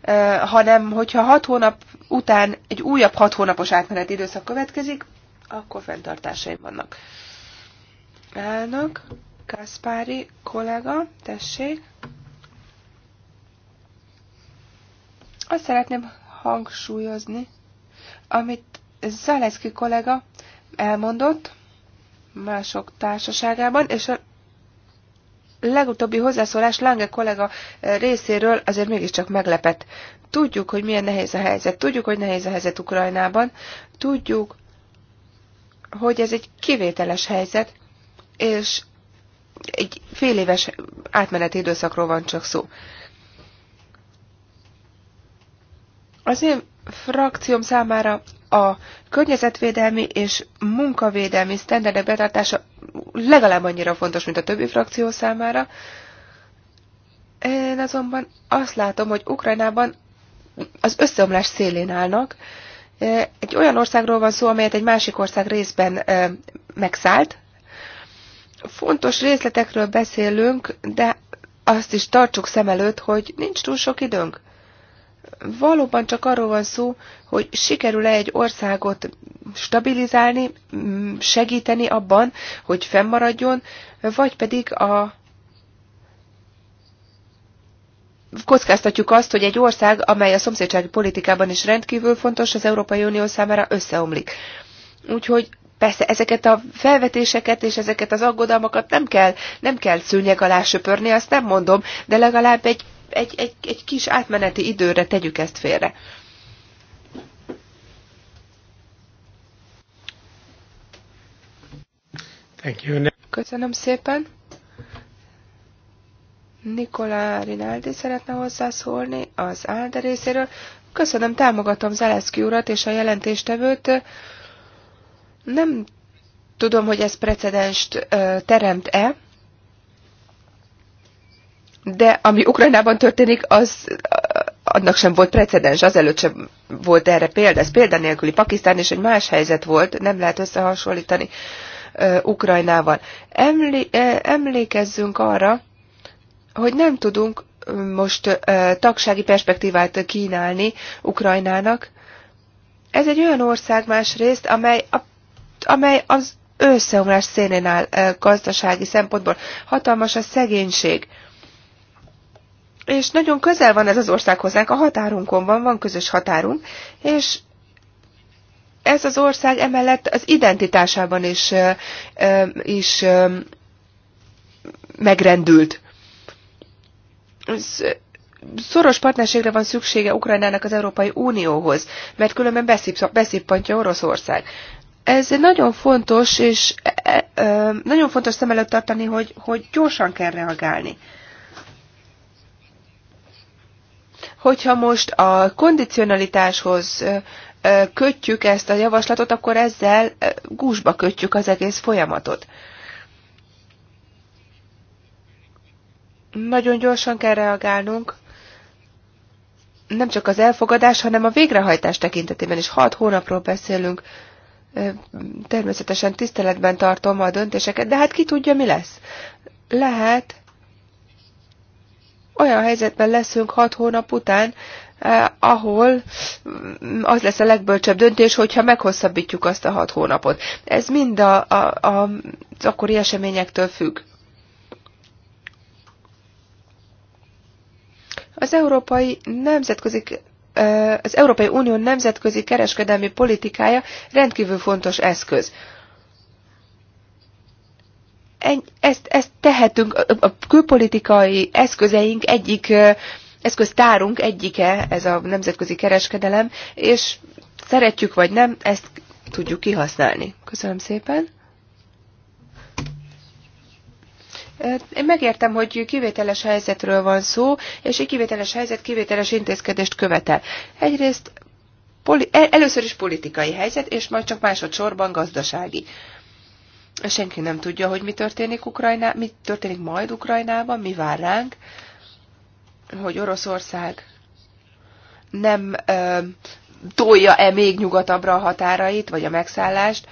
ö, hanem hogyha hat hónap után egy újabb hat hónapos átmeneti időszak következik, akkor fenntartásaim vannak. Elnök, Kaspári kollega, tessék. Azt szeretném hangsúlyozni, amit Zaleszki kollega elmondott mások társaságában, és a legutóbbi hozzászólás Lange kollega eh, részéről azért mégiscsak meglepett. Tudjuk, hogy milyen nehéz a helyzet, tudjuk, hogy nehéz a helyzet Ukrajnában, tudjuk, hogy ez egy kivételes helyzet, és egy fél éves átmeneti időszakról van csak szó. Az én frakcióm számára a környezetvédelmi és munkavédelmi sztenderdek betartása legalább annyira fontos, mint a többi frakció számára. Én azonban azt látom, hogy Ukrajnában az összeomlás szélén állnak. Egy olyan országról van szó, amelyet egy másik ország részben megszállt. Fontos részletekről beszélünk, de azt is tartsuk szem előtt, hogy nincs túl sok időnk valóban csak arról van szó, hogy sikerül-e egy országot stabilizálni, mm, segíteni abban, hogy fennmaradjon, vagy pedig a kockáztatjuk azt, hogy egy ország, amely a szomszédsági politikában is rendkívül fontos, az Európai Unió számára összeomlik. Úgyhogy persze ezeket a felvetéseket és ezeket az aggodalmakat nem kell, nem kell szőnyeg alá söpörni, azt nem mondom, de legalább egy egy, egy, egy kis átmeneti időre tegyük ezt félre. Thank you. Köszönöm szépen. Nikola Rinaldi szeretne hozzászólni az Álde részéről. Köszönöm, támogatom Zaleszki urat és a jelentéstevőt. Nem tudom, hogy ez precedenst teremt-e, de ami Ukrajnában történik, az eh, annak sem volt precedens, azelőtt sem volt erre példa. Ez nélküli Pakisztán is egy más helyzet volt, nem lehet összehasonlítani uh, Ukrajnával. Eh, emlékezzünk arra, hogy nem tudunk most uh, tagsági perspektívát kínálni Ukrajnának. Ez egy olyan ország másrészt, amely, a, amely az összeomlás szénén áll uh, gazdasági szempontból. Hatalmas a szegénység. Uh, és nagyon közel van ez az ország hozzánk, a határunkon van, van közös határunk, és ez az ország emellett az identitásában is, is megrendült. Szoros partnerségre van szüksége Ukrajnának az Európai Unióhoz, mert különben beszippantja Oroszország. Ez nagyon fontos, és e, e, nagyon fontos szem előtt tartani, hogy, hogy gyorsan kell reagálni. Hogyha most a kondicionalitáshoz kötjük ezt a javaslatot, akkor ezzel gúzsba kötjük az egész folyamatot. Nagyon gyorsan kell reagálnunk, nem csak az elfogadás, hanem a végrehajtás tekintetében is. Hat hónapról beszélünk, természetesen tiszteletben tartom a döntéseket, de hát ki tudja, mi lesz. Lehet, olyan helyzetben leszünk hat hónap után, eh, ahol mm, az lesz a legbölcsebb döntés, hogyha meghosszabbítjuk azt a hat hónapot. Ez mind a, a, a, az akkori eseményektől függ. Az Európai Nemzetközi eh, az Európai Unió nemzetközi kereskedelmi politikája rendkívül fontos eszköz ezt, ezt tehetünk, a külpolitikai eszközeink egyik, eszköztárunk egyike ez a nemzetközi kereskedelem, és szeretjük vagy nem, ezt tudjuk kihasználni. Köszönöm szépen. Én megértem, hogy kivételes helyzetről van szó, és egy kivételes helyzet kivételes intézkedést követel. Egyrészt poli- e- először is politikai helyzet, és majd csak másodszorban gazdasági. Senki nem tudja, hogy mi történik, Ukrajná, mi történik majd Ukrajnában, mi vár ránk, hogy Oroszország nem ö, tolja-e még nyugatabbra a határait, vagy a megszállást.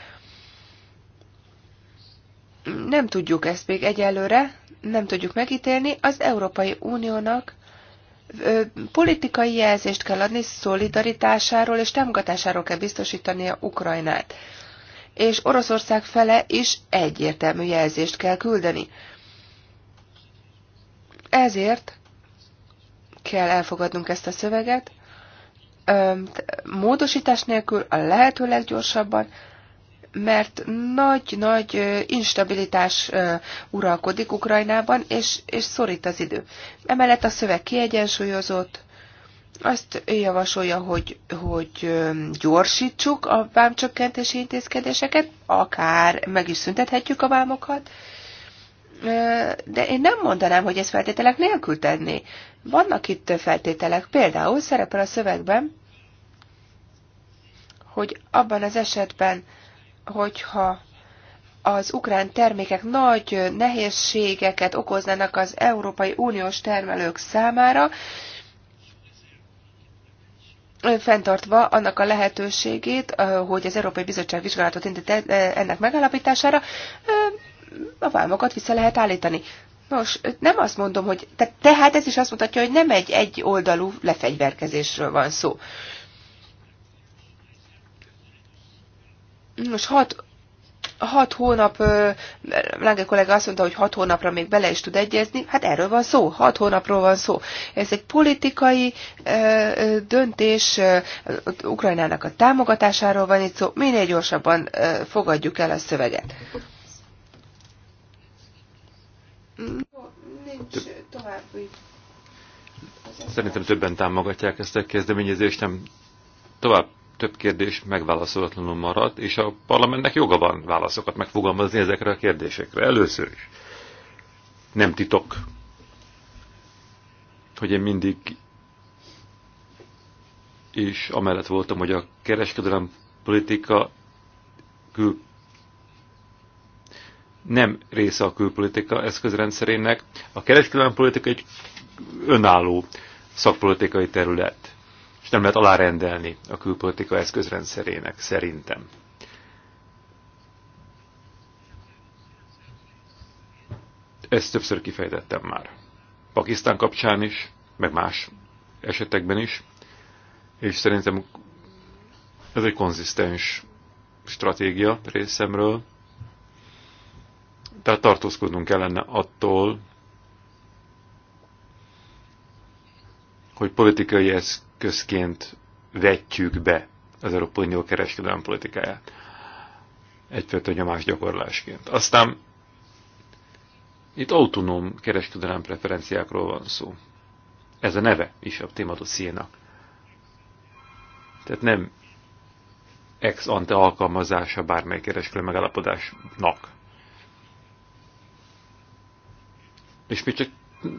Nem tudjuk ezt még egyelőre, nem tudjuk megítélni. Az Európai Uniónak politikai jelzést kell adni, szolidaritásáról és támogatásáról kell biztosítania Ukrajnát és Oroszország fele is egyértelmű jelzést kell küldeni. Ezért kell elfogadnunk ezt a szöveget, módosítás nélkül a lehető leggyorsabban, mert nagy-nagy instabilitás uralkodik Ukrajnában, és, és szorít az idő. Emellett a szöveg kiegyensúlyozott, azt javasolja, hogy, hogy gyorsítsuk a vámcsökkentési intézkedéseket, akár meg is szüntethetjük a vámokat, de én nem mondanám, hogy ez feltételek nélkül tenni. Vannak itt feltételek, például szerepel a szövegben, hogy abban az esetben, hogyha az ukrán termékek nagy nehézségeket okoznának az Európai Uniós termelők számára, fenntartva annak a lehetőségét, hogy az Európai Bizottság vizsgálatot indít e, e, ennek megállapítására, a vámokat vissza lehet állítani. Nos, nem azt mondom, hogy te, tehát ez is azt mutatja, hogy nem egy egyoldalú lefegyverkezésről van szó. Most hat hat hónap, Lange kollega azt mondta, hogy hat hónapra még bele is tud egyezni, hát erről van szó, hat hónapról van szó. Ez egy politikai döntés, Ukrajnának a támogatásáról van itt szó, minél gyorsabban fogadjuk el a szöveget. Nincs további. Szerintem többen támogatják ezt a kezdeményezést, nem tovább több kérdés megválaszolatlanul maradt, és a parlamentnek joga van válaszokat megfogalmazni ezekre a kérdésekre. Először is. Nem titok, hogy én mindig és amellett voltam, hogy a kereskedelem politika kül... nem része a külpolitika eszközrendszerének. A kereskedelem politika egy önálló szakpolitikai terület nem lehet alárendelni a külpolitika eszközrendszerének, szerintem. Ezt többször kifejtettem már. Pakisztán kapcsán is, meg más esetekben is, és szerintem ez egy konzisztens stratégia részemről. Tehát tartózkodnunk kellene attól, hogy politikai eszköz eszközként vetjük be az Európai Unió kereskedelmi politikáját. Egyfajta gyakorlásként. Aztán itt autonóm kereskedelem preferenciákról van szó. Ez a neve is a szénak. Tehát nem ex ante alkalmazása bármely kereskedelmi megállapodásnak. És mi csak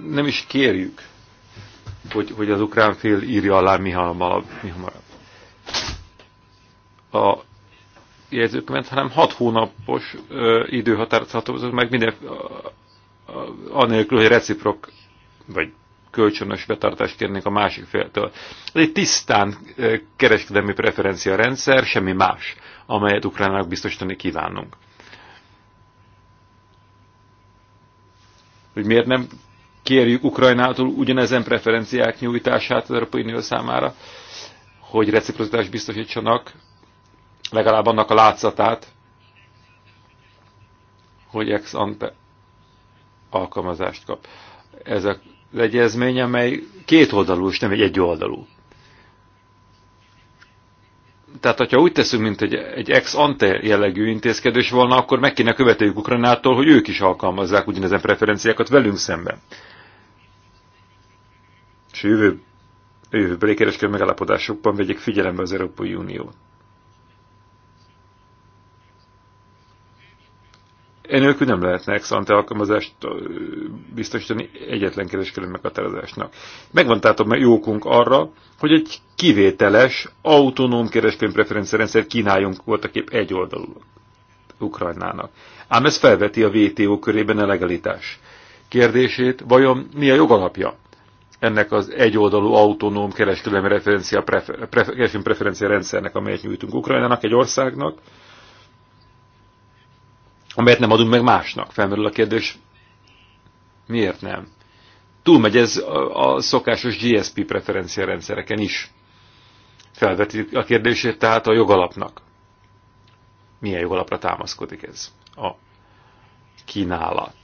nem is kérjük hogy, hogy az ukrán fél írja alá mi hamarabb. Mi hamarabb. A jegyzőkönyv, hanem hat hónapos ö, időhatárt hatózott meg minden, anélkül, hogy reciprok vagy kölcsönös betartást kérnék a másik féltől. Ez egy tisztán kereskedelmi preferencia rendszer, semmi más, amelyet Ukránának biztosítani kívánunk. Hogy miért nem kérjük Ukrajnától ugyanezen preferenciák nyújtását az Európai Unió számára, hogy reciprocitást biztosítsanak, legalább annak a látszatát, hogy ex ante alkalmazást kap. Ez az egyezmény, amely kétoldalú, és nem egy egyoldalú. Tehát, ha úgy teszünk, mint egy, egy ex ante jellegű intézkedés volna, akkor meg kéne követeljük Ukrajnától, hogy ők is alkalmazzák ugyanezen preferenciákat velünk szemben és a jövő, a jövőbeli kereskedelmi megállapodásokban vegyék figyelembe az Európai Unió. Enélkül nem lehetne ex alkalmazást biztosítani egyetlen kereskedelmi meghatározásnak. Megvan tehát a jókunk arra, hogy egy kivételes, autonóm kereskedelmi rendszer kínáljunk voltaképp egy oldalú Ukrajnának. Ám ez felveti a WTO körében a legalitás kérdését, vajon mi a jogalapja ennek az egyoldalú autonóm kereskedelmi referencia, prefer, prefer, preferencia rendszernek, amelyet nyújtunk Ukrajnának, egy országnak, amelyet nem adunk meg másnak. Felmerül a kérdés, miért nem? Túlmegy ez a, a szokásos GSP preferencia rendszereken is. Felveti a kérdését tehát a jogalapnak. Milyen jogalapra támaszkodik ez? A kínálat.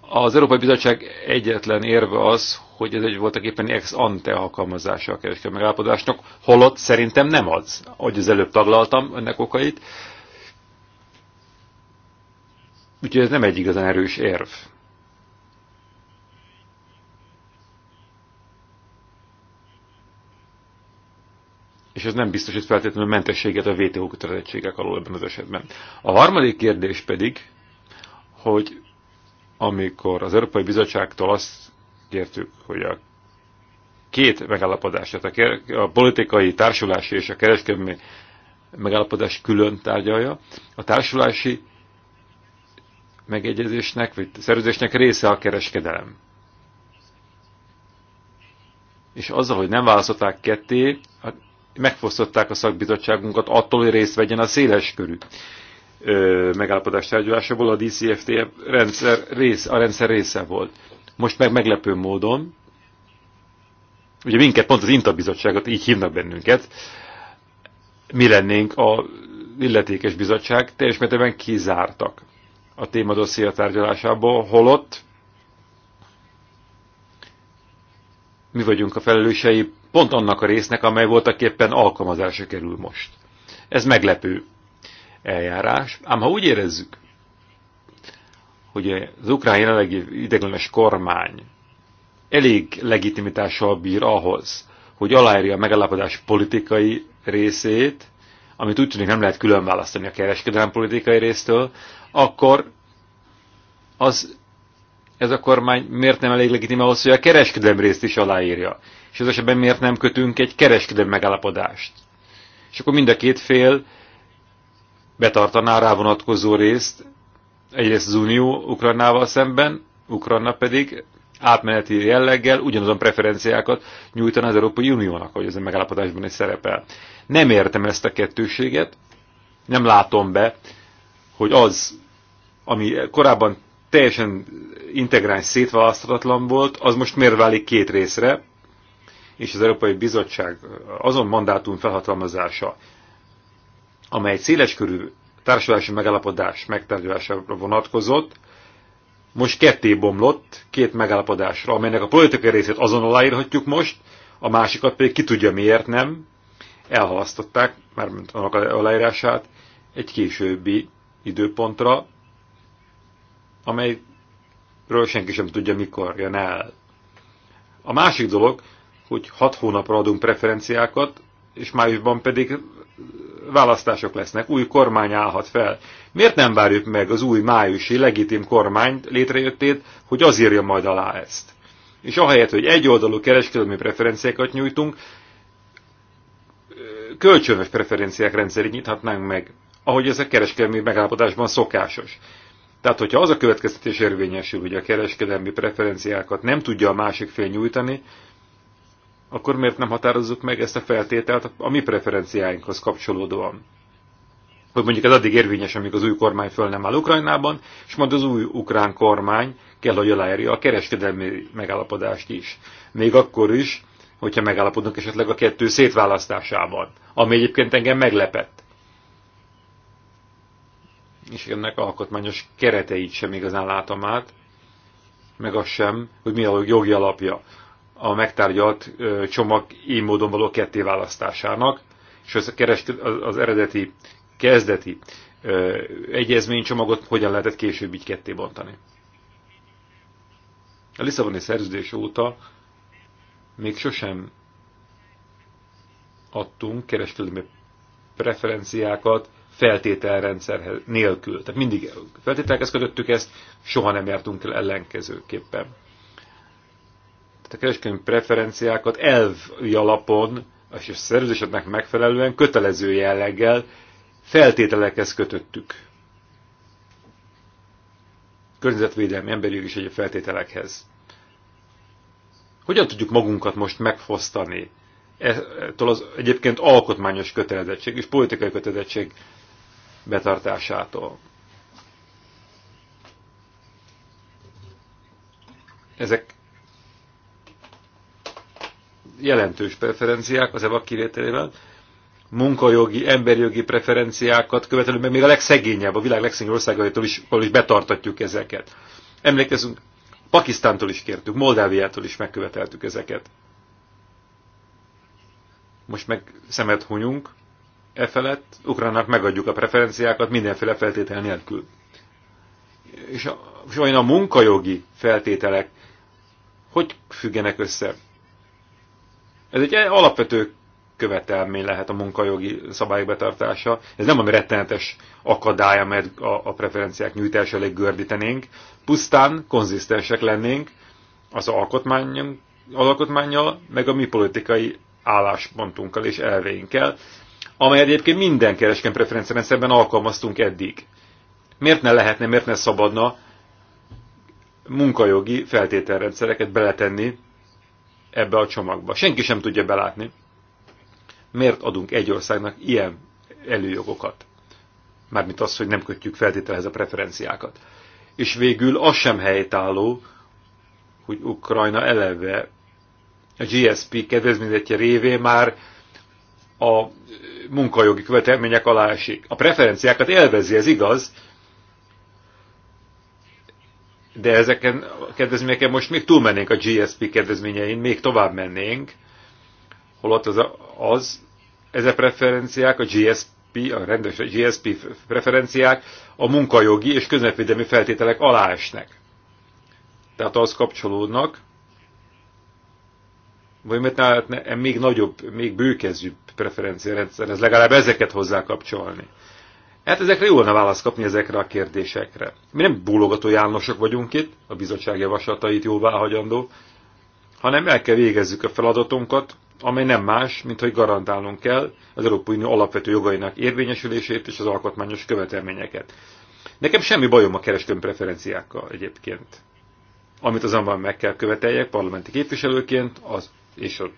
Az Európai Bizottság egyetlen érve az, hogy ez egy voltak éppen ex ante alkalmazása a kereskedelmi megállapodásnak, holott szerintem nem az, hogy az előbb taglaltam ennek okait. Úgyhogy ez nem egy igazán erős érv. és ez nem biztosít feltétlenül mentességet a WTO kötelezettségek alól ebben az esetben. A harmadik kérdés pedig, hogy amikor az Európai Bizottságtól azt kértük, hogy a két megállapodás, tehát a, a politikai, társulási és a kereskedelmi megállapodás külön tárgyalja. A társulási megegyezésnek, vagy szerződésnek része a kereskedelem. És azzal, hogy nem választották ketté, megfosztották a szakbizottságunkat attól, hogy részt vegyen a széles körű megállapodás tárgyalásából, a DCFT rendszer rész, a rendszer része volt. Most meg meglepő módon, ugye minket, pont az intabizottságot így hívnak bennünket, mi lennénk a illetékes bizottság, teljes mértékben kizártak a témadosszia tárgyalásából, holott mi vagyunk a felelősei pont annak a résznek, amely voltak éppen alkalmazásra kerül most. Ez meglepő eljárás, ám ha úgy érezzük, hogy az ukrán jelenlegi ideglenes kormány elég legitimitással bír ahhoz, hogy aláírja a megállapodás politikai részét, amit úgy tűnik nem lehet különválasztani a kereskedelem politikai résztől, akkor az, ez a kormány miért nem elég legitim ahhoz, hogy a kereskedelem részt is aláírja? És az, esetben miért nem kötünk egy kereskedelmi megállapodást? És akkor mind a két fél betartaná rá vonatkozó részt, egyrészt az Unió Ukrajnával szemben, Ukrajna pedig átmeneti jelleggel ugyanazon preferenciákat nyújtana az Európai Uniónak, hogy ez a megállapodásban is szerepel. Nem értem ezt a kettőséget, nem látom be, hogy az, ami korábban teljesen integráns szétválaszthatatlan volt, az most miért válik két részre, és az Európai Bizottság azon mandátum felhatalmazása, amely széleskörű társulási megállapodás megtárgyalására vonatkozott, most ketté bomlott két megállapodásra, amelynek a politikai részét azon aláírhatjuk most, a másikat pedig ki tudja miért nem, elhalasztották, mármint annak aláírását, egy későbbi időpontra, amelyről senki sem tudja, mikor jön el. A másik dolog, hogy hat hónapra adunk preferenciákat, és májusban pedig választások lesznek, új kormány állhat fel. Miért nem várjuk meg az új májusi legitim kormány létrejöttét, hogy az írja majd alá ezt? És ahelyett, hogy egyoldalú kereskedelmi preferenciákat nyújtunk, kölcsönös preferenciák rendszerét nyithatnánk meg, ahogy ez a kereskedelmi megállapodásban szokásos. Tehát, hogyha az a következtetés érvényesül, hogy a kereskedelmi preferenciákat nem tudja a másik fél nyújtani, akkor miért nem határozzuk meg ezt a feltételt a mi preferenciáinkhoz kapcsolódóan? Hogy mondjuk ez addig érvényes, amíg az új kormány föl nem áll Ukrajnában, és majd az új ukrán kormány kell, hogy aláírja a kereskedelmi megállapodást is. Még akkor is, hogyha megállapodunk esetleg a kettő szétválasztásában, ami egyébként engem meglepett. És ennek alkotmányos kereteit sem igazán látom át, meg az sem, hogy mi a jogi alapja a megtárgyalt csomag így módon való kettéválasztásának, és az, az eredeti kezdeti egyezménycsomagot hogyan lehetett később így ketté bontani. A Lisszaboni szerződés óta még sosem adtunk kereskedelmi preferenciákat feltételrendszerhez nélkül. Tehát mindig feltételekhez kötöttük ezt, soha nem jártunk el ellenkezőképpen. Tehát a kereskedelmi preferenciákat elvi alapon, és a szerződéseknek megfelelően kötelező jelleggel feltételekhez kötöttük. Környezetvédelmi, emberi is egyéb feltételekhez. Hogyan tudjuk magunkat most megfosztani e, ettől az egyébként alkotmányos kötelezettség és politikai kötelezettség betartásától? Ezek jelentős preferenciák az EVA kivételével, munkajogi, emberjogi preferenciákat követelünk, mert még a legszegényebb, a világ legszegényebb országaitól is, is betartatjuk ezeket. Emlékezünk, Pakisztántól is kértük, Moldáviától is megköveteltük ezeket. Most meg szemet hunyunk e felett, Ukránnak megadjuk a preferenciákat mindenféle feltétel nélkül. És, a, és olyan a munkajogi feltételek hogy függenek össze? Ez egy alapvető követelmény lehet a munkajogi szabályok betartása. Ez nem a rettenetes akadálya, mert a, a preferenciák nyújtása elég gördítenénk. Pusztán konzisztensek lennénk az alkotmányunk, az alkotmányjal, meg a mi politikai álláspontunkkal és elveinkkel, amely egyébként minden kereskedelmi preferenciarendszerben alkalmaztunk eddig. Miért ne lehetne, miért ne szabadna munkajogi feltételrendszereket beletenni ebbe a csomagba. Senki sem tudja belátni, miért adunk egy országnak ilyen előjogokat. Mármint az, hogy nem kötjük feltételhez a preferenciákat. És végül az sem helytálló, hogy Ukrajna eleve a GSP kedvezményezetje révé már a munkajogi követelmények alá esik. A preferenciákat élvezi, ez igaz, de ezeken a kedvezményeken most még túlmennénk a GSP kedvezményein, még tovább mennénk, holott az, az ezek preferenciák, a GSP, a rendes GSP preferenciák a munkajogi és közvetvédelmi feltételek alá esnek. Tehát az kapcsolódnak, vagy mert lehetne még nagyobb, még bőkezűbb preferenciarendszer, ez legalább ezeket hozzá kapcsolni. Hát ezekre jól ne választ kapni ezekre a kérdésekre. Mi nem búlogató Jánosok vagyunk itt, a bizottság javaslatait jóvá hagyandó, hanem el kell végezzük a feladatunkat, amely nem más, mint hogy garantálnunk kell az Európai Unió alapvető jogainak érvényesülését és az alkotmányos követelményeket. Nekem semmi bajom a kereskedelmi preferenciákkal egyébként. Amit azonban meg kell követeljek parlamenti képviselőként az, és a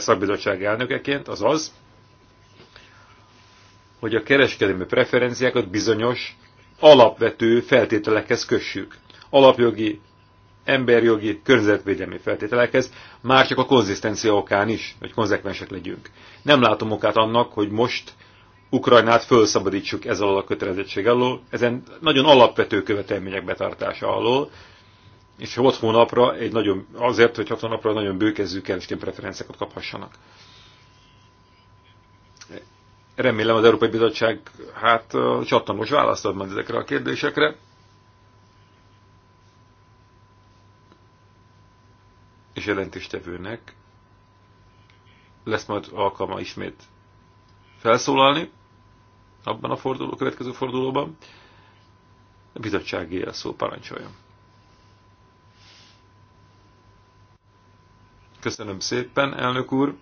szakbizottság elnökeként, az az, hogy a kereskedelmi preferenciákat bizonyos alapvető feltételekhez kössük. Alapjogi, emberjogi, környezetvédelmi feltételekhez, már csak a konzisztencia okán is, hogy konzekvensek legyünk. Nem látom okát annak, hogy most Ukrajnát felszabadítsuk ezzel a kötelezettség alól, ezen nagyon alapvető követelmények betartása alól, és 6 hónapra egy nagyon, azért, hogy 6 hónapra nagyon bőkezzük kereskedelmi preferenciákat kaphassanak remélem az Európai Bizottság hát csattanós választ ad majd ezekre a kérdésekre. És jelentéstevőnek lesz majd alkalma ismét felszólalni abban a forduló, következő fordulóban. A bizottsági a szó parancsoljon. Köszönöm szépen, elnök úr!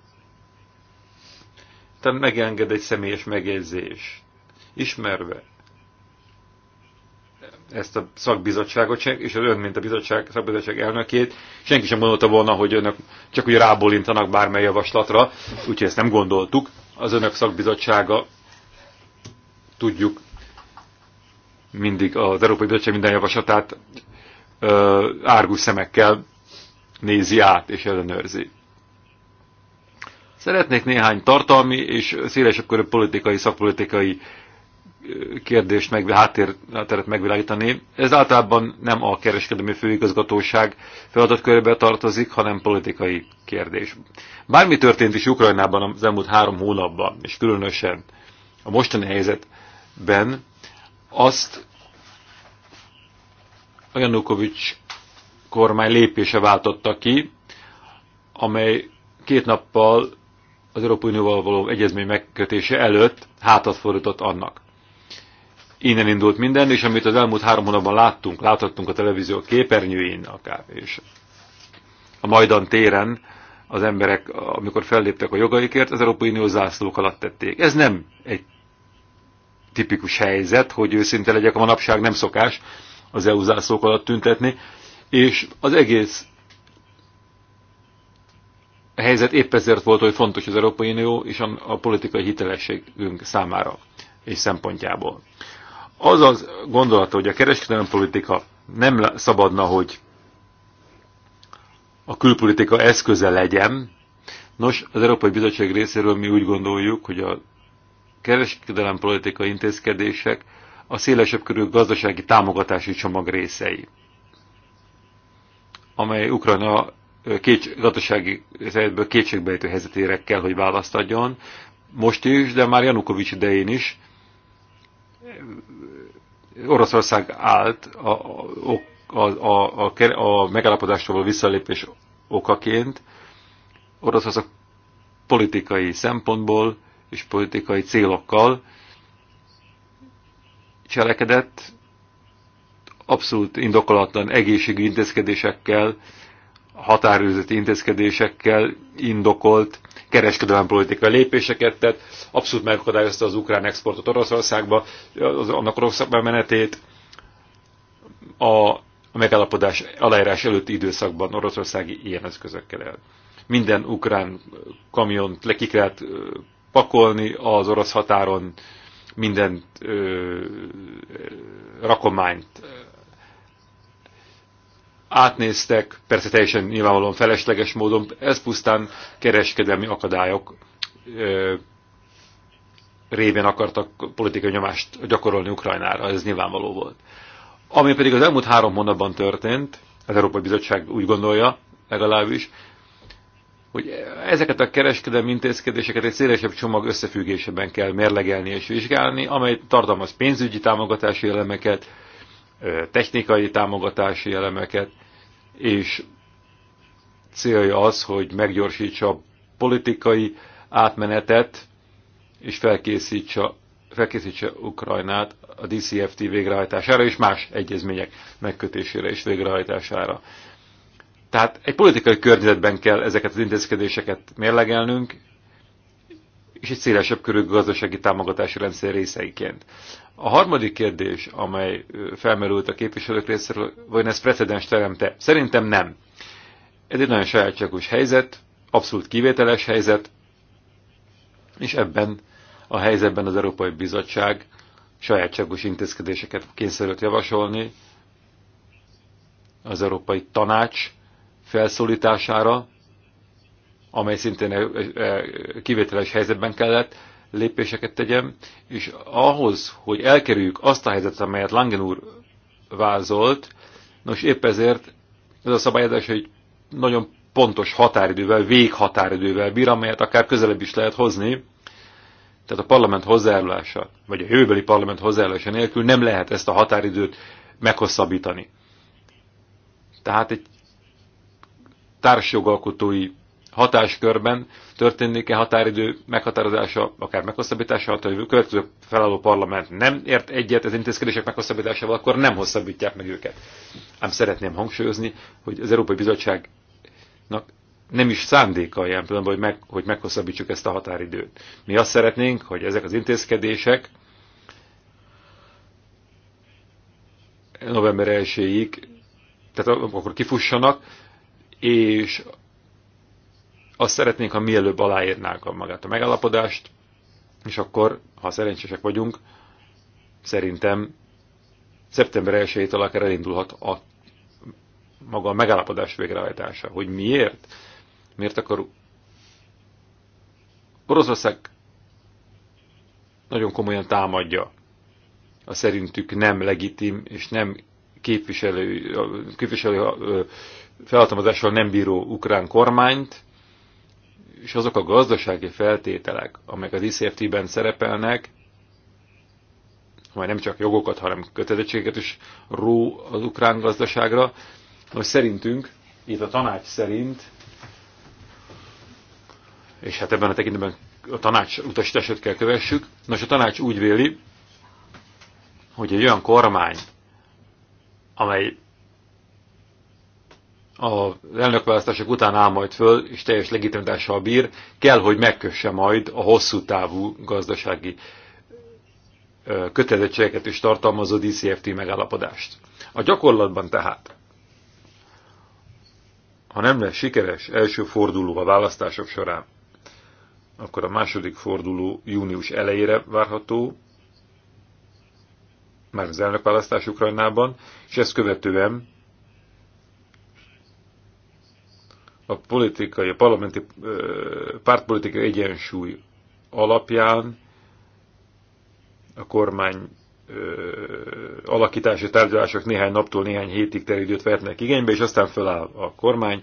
te megenged egy személyes megjegyzés. Ismerve ezt a szakbizottságot, és az ön, mint a bizottság, szakbizottság elnökét, senki sem gondolta volna, hogy önök csak úgy rábólintanak bármely javaslatra, úgyhogy ezt nem gondoltuk. Az önök szakbizottsága, tudjuk, mindig az Európai Bizottság minden javaslatát árgus szemekkel nézi át és ellenőrzi. Szeretnék néhány tartalmi és szélesebb körű politikai, szakpolitikai kérdést, meg, hátteret megvilágítani. Ez általában nem a kereskedelmi főigazgatóság feladatkörébe tartozik, hanem politikai kérdés. Bármi történt is Ukrajnában az elmúlt három hónapban, és különösen a mostani helyzetben, azt a Janukovics kormány lépése váltotta ki, amely két nappal az Európai Unióval való egyezmény megkötése előtt hátat fordított annak. Innen indult minden, és amit az elmúlt három hónapban láttunk, láthattunk a televízió képernyőjén akár, és a Majdan téren az emberek, amikor felléptek a jogaikért, az Európai Unió zászlók alatt tették. Ez nem egy tipikus helyzet, hogy őszinte legyek, a manapság nem szokás az EU zászlók alatt tüntetni, és az egész helyzet épp ezért volt, hogy fontos az Európai Unió és a, a politikai hitelességünk számára és szempontjából. Az az gondolata, hogy a kereskedelmi politika nem szabadna, hogy a külpolitika eszköze legyen. Nos, az Európai Bizottság részéről mi úgy gondoljuk, hogy a kereskedelmi politika intézkedések a szélesebb körű gazdasági támogatási csomag részei, amely Ukrajna két, gazdasági helyzetből kétségbejtő helyzetére kell, hogy választ adjon. Most is, de már Janukovics idején is Oroszország állt a, a, a, a, a megállapodásról visszalépés okaként. Oroszország politikai szempontból és politikai célokkal cselekedett, abszolút indokolatlan egészségügyi intézkedésekkel, határőrzeti intézkedésekkel indokolt kereskedelmi politikai lépéseket tett, abszolút megakadályozta az ukrán exportot Oroszországba, az, annak Oroszországba menetét, a, a megállapodás aláírás előtti időszakban oroszországi ilyen eszközökkel el. Minden ukrán kamiont le ki kellett pakolni az orosz határon, minden ö, rakományt átnéztek, persze teljesen nyilvánvalóan felesleges módon, ez pusztán kereskedelmi akadályok ö, révén akartak politikai nyomást gyakorolni Ukrajnára, ez nyilvánvaló volt. Ami pedig az elmúlt három hónapban történt, az Európai Bizottság úgy gondolja, legalábbis, hogy ezeket a kereskedelmi intézkedéseket egy szélesebb csomag összefüggésében kell mérlegelni és vizsgálni, amely tartalmaz pénzügyi támogatási elemeket, technikai támogatási elemeket, és célja az, hogy meggyorsítsa a politikai átmenetet, és felkészítsa, felkészítse Ukrajnát a DCFT végrehajtására, és más egyezmények megkötésére és végrehajtására. Tehát egy politikai környezetben kell ezeket az intézkedéseket mérlegelnünk, és egy szélesebb körű gazdasági támogatási rendszer részeiként. A harmadik kérdés, amely felmerült a képviselők részéről, vajon ez precedens teremte? Szerintem nem. Ez egy nagyon sajátságos helyzet, abszolút kivételes helyzet, és ebben a helyzetben az Európai Bizottság sajátságos intézkedéseket kényszerült javasolni az Európai Tanács felszólítására, amely szintén e, e, kivételes helyzetben kellett lépéseket tegyem, és ahhoz, hogy elkerüljük azt a helyzetet, amelyet Langen úr vázolt, nos épp ezért ez a szabályozás egy nagyon pontos határidővel, véghatáridővel bír, amelyet akár közelebb is lehet hozni, tehát a parlament hozzájárulása, vagy a jövőbeli parlament hozzájárulása nélkül nem lehet ezt a határidőt meghosszabbítani. Tehát egy társjogalkotói hatáskörben történik-e határidő meghatározása, akár meghosszabbítása, ha a következő felálló parlament nem ért egyet az intézkedések meghosszabbításával, akkor nem hosszabbítják meg őket. Ám szeretném hangsúlyozni, hogy az Európai Bizottságnak nem is szándéka ilyen pillanatban, hogy, meg, hogy meghosszabbítsuk ezt a határidőt. Mi azt szeretnénk, hogy ezek az intézkedések november 1-ig, tehát akkor kifussanak, és azt szeretnénk, ha mielőbb aláírnák a magát a megállapodást, és akkor, ha szerencsések vagyunk, szerintem szeptember 1-től akár elindulhat a maga a megállapodás végrehajtása. Hogy miért? Miért akar Oroszország nagyon komolyan támadja a szerintük nem legitim és nem képviselő, képviselő felhatalmazással nem bíró ukrán kormányt, és azok a gazdasági feltételek, amelyek az ICFT-ben e szerepelnek, majd nem csak jogokat, hanem kötelezettséget is ró az ukrán gazdaságra, most szerintünk, itt a tanács szerint, és hát ebben a tekintetben a tanács utasítását kell kövessük, nos a tanács úgy véli, hogy egy olyan kormány, amely az elnökválasztások után áll majd föl, és teljes legitimitással bír, kell, hogy megkösse majd a hosszú távú gazdasági kötelezettségeket is tartalmazó DCFT megállapodást. A gyakorlatban tehát, ha nem lesz sikeres első forduló a választások során, akkor a második forduló június elejére várható, már az elnökválasztás Ukrajnában, és ezt követően a politikai, a parlamenti pártpolitikai egyensúly alapján a kormány alakítási tárgyalások néhány naptól néhány hétig terjedőt vehetnek igénybe, és aztán feláll a kormány,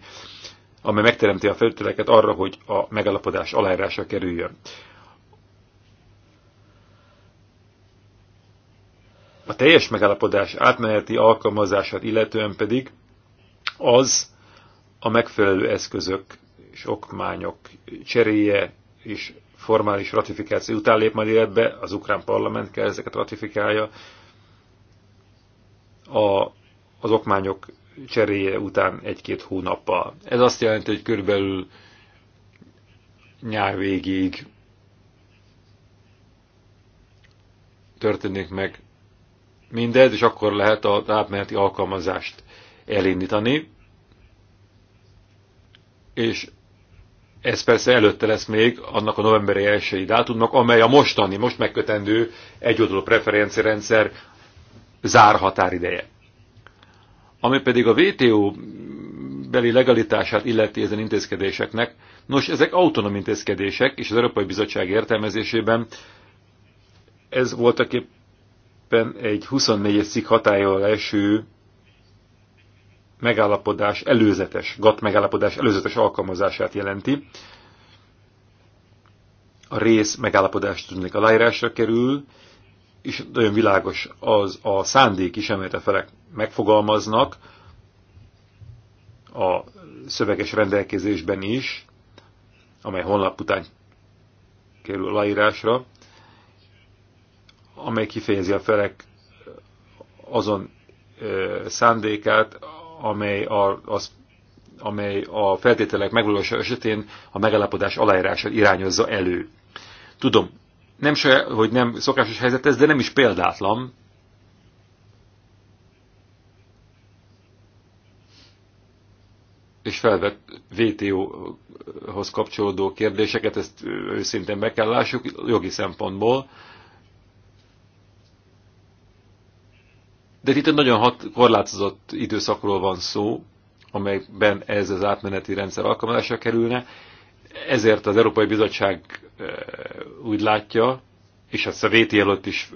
amely megteremti a feltételeket arra, hogy a megalapodás aláírása kerüljön. A teljes megállapodás átmeneti alkalmazását illetően pedig az a megfelelő eszközök és okmányok cseréje és formális ratifikáció után lép majd életbe, az ukrán parlament kell ezeket ratifikálja, a, az okmányok cseréje után egy-két hónappal. Ez azt jelenti, hogy körülbelül nyár végéig történik meg mindez, és akkor lehet a átmeneti alkalmazást elindítani és ez persze előtte lesz még annak a novemberi elsői dátumnak, amely a mostani, most megkötendő egyoldalú preferenciarendszer zárhatárideje. Ami pedig a WTO beli legalitását illeti ezen intézkedéseknek, nos, ezek autonóm intézkedések, és az Európai Bizottság értelmezésében ez voltak egy 24-es cikk hatályol eső megállapodás előzetes, GATT megállapodás előzetes alkalmazását jelenti. A rész megállapodást tudnék aláírásra kerül, és nagyon világos az a szándék is, amelyet a felek megfogalmaznak, a szöveges rendelkezésben is, amely honlap után kerül aláírásra, amely kifejezi a felek azon szándékát, amely a, az, amely a feltételek megvalósa esetén a megállapodás aláírása irányozza elő. Tudom, nem se, hogy nem szokásos helyzet ez, de nem is példátlan. És felvett VTO-hoz kapcsolódó kérdéseket, ezt őszintén be kell lássuk jogi szempontból De itt egy nagyon hat, korlátozott időszakról van szó, amelyben ez az átmeneti rendszer alkalmazásra kerülne. Ezért az Európai Bizottság úgy látja, és ezt a VT előtt is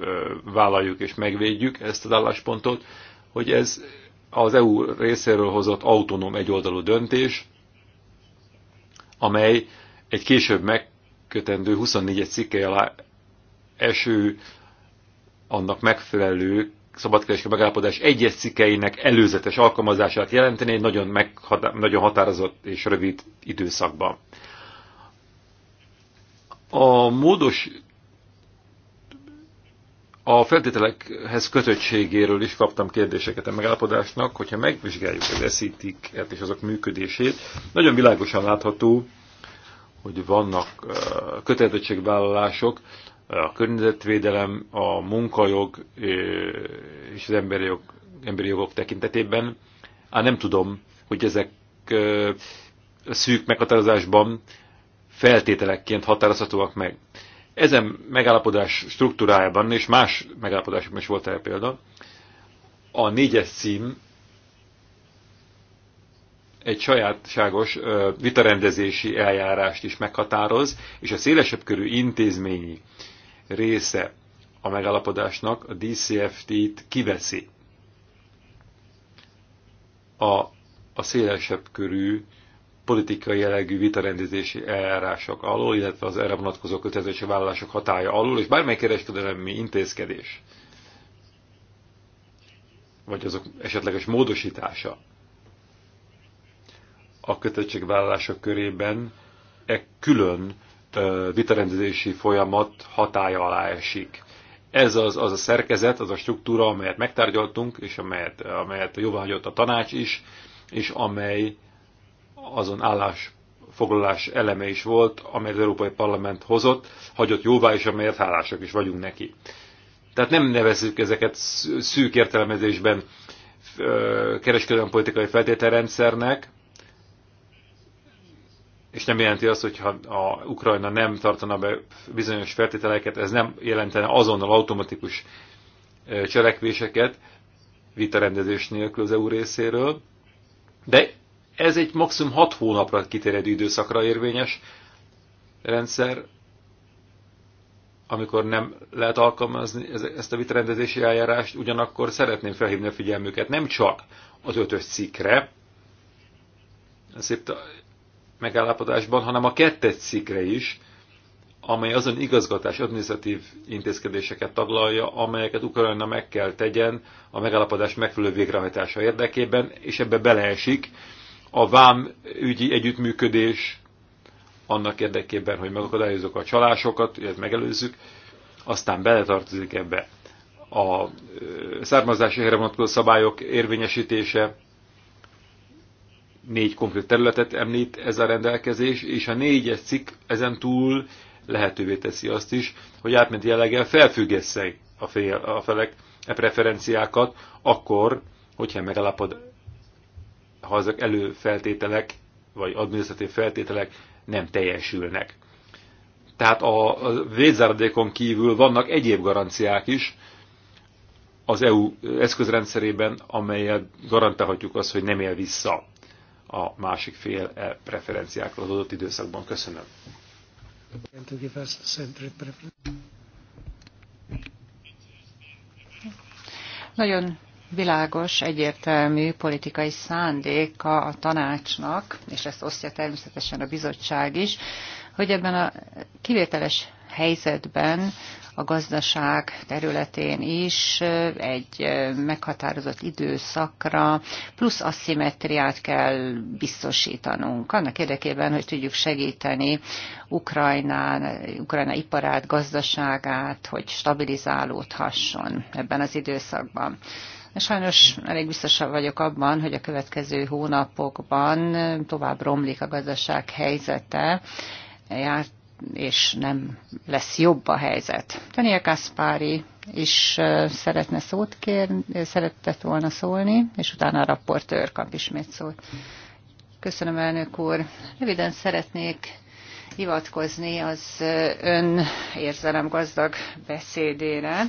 vállaljuk és megvédjük ezt az álláspontot, hogy ez az EU részéről hozott autonóm egyoldalú döntés, amely egy később megkötendő 24-es cikkely alá eső annak megfelelő szabadkereskedelmi megállapodás egyes cikkeinek előzetes alkalmazását jelenteni egy nagyon, meghatá nagyon határozott és rövid időszakban. A módos a feltételekhez kötöttségéről is kaptam kérdéseket a megállapodásnak, hogyha megvizsgáljuk az eszítiket és azok működését, nagyon világosan látható, hogy vannak kötelezettségvállalások, a környezetvédelem, a munkajog és az emberi, jog, emberi jogok tekintetében. Á, nem tudom, hogy ezek szűk meghatározásban feltételekként határozhatóak meg. Ezen megállapodás struktúrájában, és más megállapodásokban is volt erre példa, a négyes cím egy sajátságos vitarendezési eljárást is meghatároz, és a szélesebb körű intézményi része a megállapodásnak a DCFT-t kiveszi a, a szélesebb körű politikai jellegű vitarendezési eljárások alól, illetve az erre vonatkozó kötelezési vállalások hatája alól, és bármely kereskedelmi intézkedés, vagy azok esetleges módosítása a kötelezettségvállalások körében e külön vitarendezési folyamat hatája alá esik. Ez az, az a szerkezet, az a struktúra, amelyet megtárgyaltunk, és amelyet, amelyet jóváhagyott a tanács is, és amely azon állásfoglalás eleme is volt, amelyet az Európai Parlament hozott, hagyott jóvá, és amelyet hálásak is vagyunk neki. Tehát nem nevezzük ezeket szűk értelmezésben kereskedelmi politikai feltételrendszernek, és nem jelenti azt, hogyha a Ukrajna nem tartana be bizonyos feltételeket, ez nem jelentene azonnal automatikus cselekvéseket vitarendezés nélkül az EU részéről, de ez egy maximum 6 hónapra kiterjedő időszakra érvényes rendszer, amikor nem lehet alkalmazni ezt a vitarendezési eljárást, ugyanakkor szeretném felhívni a figyelmüket nem csak az ötös cikkre, ez itt megállapodásban, hanem a kettes szikre is, amely azon igazgatás, adminisztratív intézkedéseket taglalja, amelyeket Ukrajna meg kell tegyen a megállapodás megfelelő végrehajtása érdekében, és ebbe beleesik a vám ügyi együttműködés annak érdekében, hogy megakadályozzuk a csalásokat, illetve megelőzzük, aztán beletartozik ebbe a származási helyre vonatkozó szabályok érvényesítése, négy konkrét területet említ ez a rendelkezés, és a négyes cikk ezen túl lehetővé teszi azt is, hogy átmenti jelleggel felfüggessze a, fél, a felek e preferenciákat, akkor, hogyha megalapod, ha ezek előfeltételek, vagy adminisztratív feltételek nem teljesülnek. Tehát a védzáradékon kívül vannak egyéb garanciák is az EU eszközrendszerében, amelyet garantálhatjuk azt, hogy nem él vissza a másik fél -e preferenciákról az adott időszakban. Köszönöm. Nagyon világos, egyértelmű politikai szándéka a tanácsnak, és ezt osztja természetesen a bizottság is, hogy ebben a kivételes helyzetben a gazdaság területén is egy meghatározott időszakra, plusz asszimetriát kell biztosítanunk, annak érdekében, hogy tudjuk segíteni Ukrajnán, Ukrajna iparát, gazdaságát, hogy stabilizálódhasson ebben az időszakban. Sajnos elég biztosabb vagyok abban, hogy a következő hónapokban tovább romlik a gazdaság helyzete. Járt és nem lesz jobb a helyzet. Daniel Kaspári is szeretne szót kérni, szeretett volna szólni, és utána a raportőr kap ismét szót. Köszönöm, elnök úr. Röviden szeretnék hivatkozni az ön gazdag beszédére,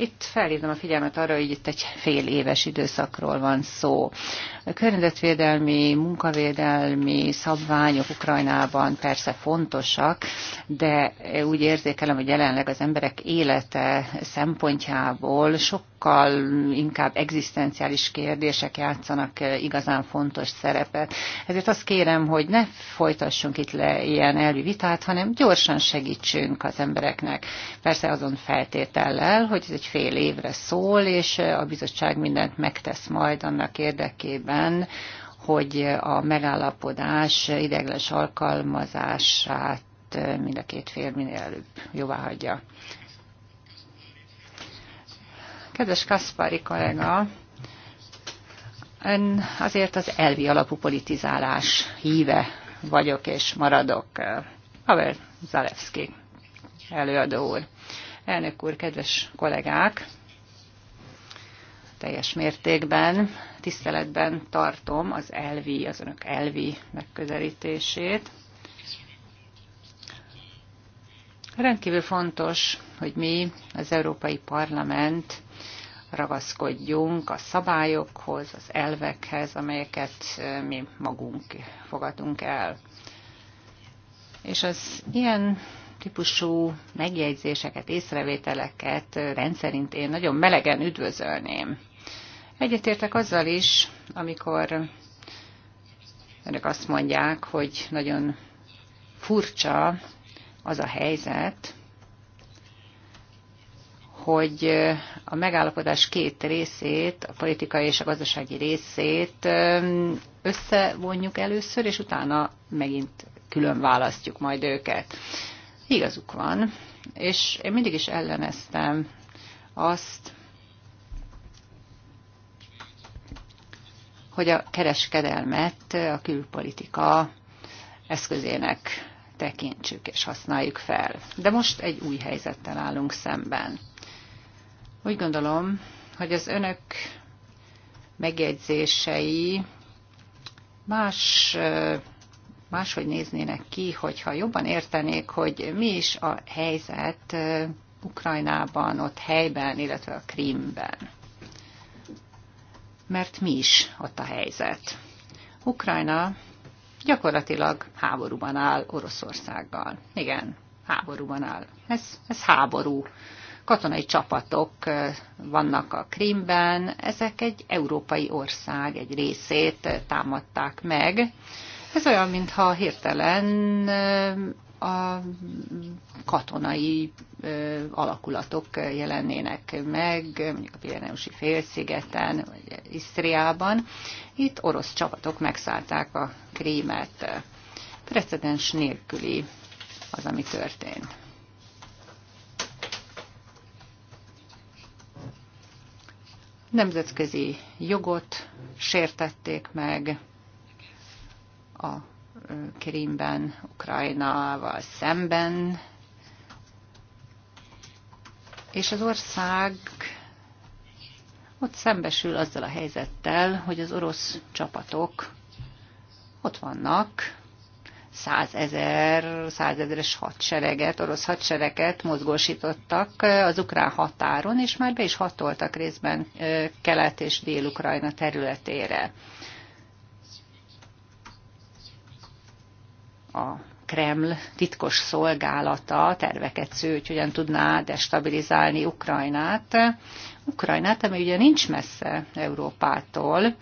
itt felhívom a figyelmet arra, hogy itt egy fél éves időszakról van szó. A környezetvédelmi, munkavédelmi szabványok Ukrajnában persze fontosak, de úgy érzékelem, hogy jelenleg az emberek élete szempontjából sok sokkal inkább egzisztenciális kérdések játszanak eh, igazán fontos szerepet. Ezért azt kérem, hogy ne folytassunk itt le ilyen elvi vitát, hanem gyorsan segítsünk az embereknek. Persze azon feltétellel, hogy ez egy fél évre szól, és a bizottság mindent megtesz majd annak érdekében, hogy a megállapodás ideiglenes alkalmazását mind a két fél minél előbb jóvá hagyja. Kedves Kaspari kollega, ön azért az elvi alapú politizálás híve vagyok és maradok. Haver Zalewski előadó úr. Elnök úr, kedves kollégák! Teljes mértékben, tiszteletben tartom az elvi, az önök elvi megközelítését. Rendkívül fontos, hogy mi, az Európai Parlament ragaszkodjunk a szabályokhoz, az elvekhez, amelyeket eh, mi magunk fogadunk el. És az ilyen típusú megjegyzéseket, észrevételeket rendszerint én nagyon melegen üdvözölném. Egyetértek azzal is, amikor önök azt mondják, hogy nagyon furcsa az a helyzet, hogy a megállapodás két részét, a politikai és a gazdasági részét összevonjuk először, és utána megint külön választjuk majd őket. Igazuk van, és én mindig is elleneztem azt, hogy a kereskedelmet a külpolitika eszközének tekintsük és használjuk fel. De most egy új helyzettel állunk szemben. Úgy gondolom, hogy az önök megjegyzései más máshogy néznének ki, hogyha jobban értenék, hogy mi is a helyzet Ukrajnában, ott helyben, illetve a Krímben. Mert mi is ott a helyzet. Ukrajna gyakorlatilag háborúban áll Oroszországgal. Igen, háborúban áll. Ez, ez háború. Katonai csapatok vannak a Krímben, ezek egy európai ország egy részét támadták meg, ez olyan, mintha hirtelen a katonai alakulatok jelennének meg, mondjuk a Pireneusi félszigeten, vagy Isztriában. Itt orosz csapatok megszállták a krímet. Precedens nélküli az, ami történt. Nemzetközi jogot sértették meg, a Krimben, Ukrajnával szemben, és az ország ott szembesül azzal a helyzettel, hogy az orosz csapatok ott vannak, százezer, százezeres hadsereget, orosz hadsereget mozgósítottak az ukrán határon, és már be is hatoltak részben kelet és dél-ukrajna területére. a Kreml titkos szolgálata terveket sző, hogy hogyan tudná destabilizálni Ukrajnát. Ukrajnát, ami ugye nincs messze Európától,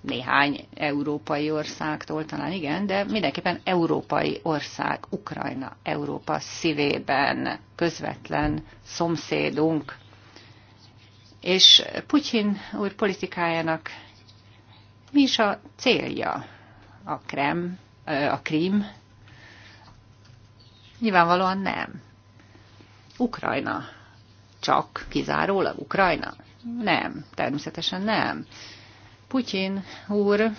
néhány európai országtól talán igen, de mindenképpen európai ország, Ukrajna, Európa szívében, közvetlen szomszédunk. És Putyin úr politikájának mi is a célja? A Kreml? a Krím? Nyilvánvalóan nem. Ukrajna. Csak kizárólag Ukrajna? Nem, természetesen nem. Putyin úr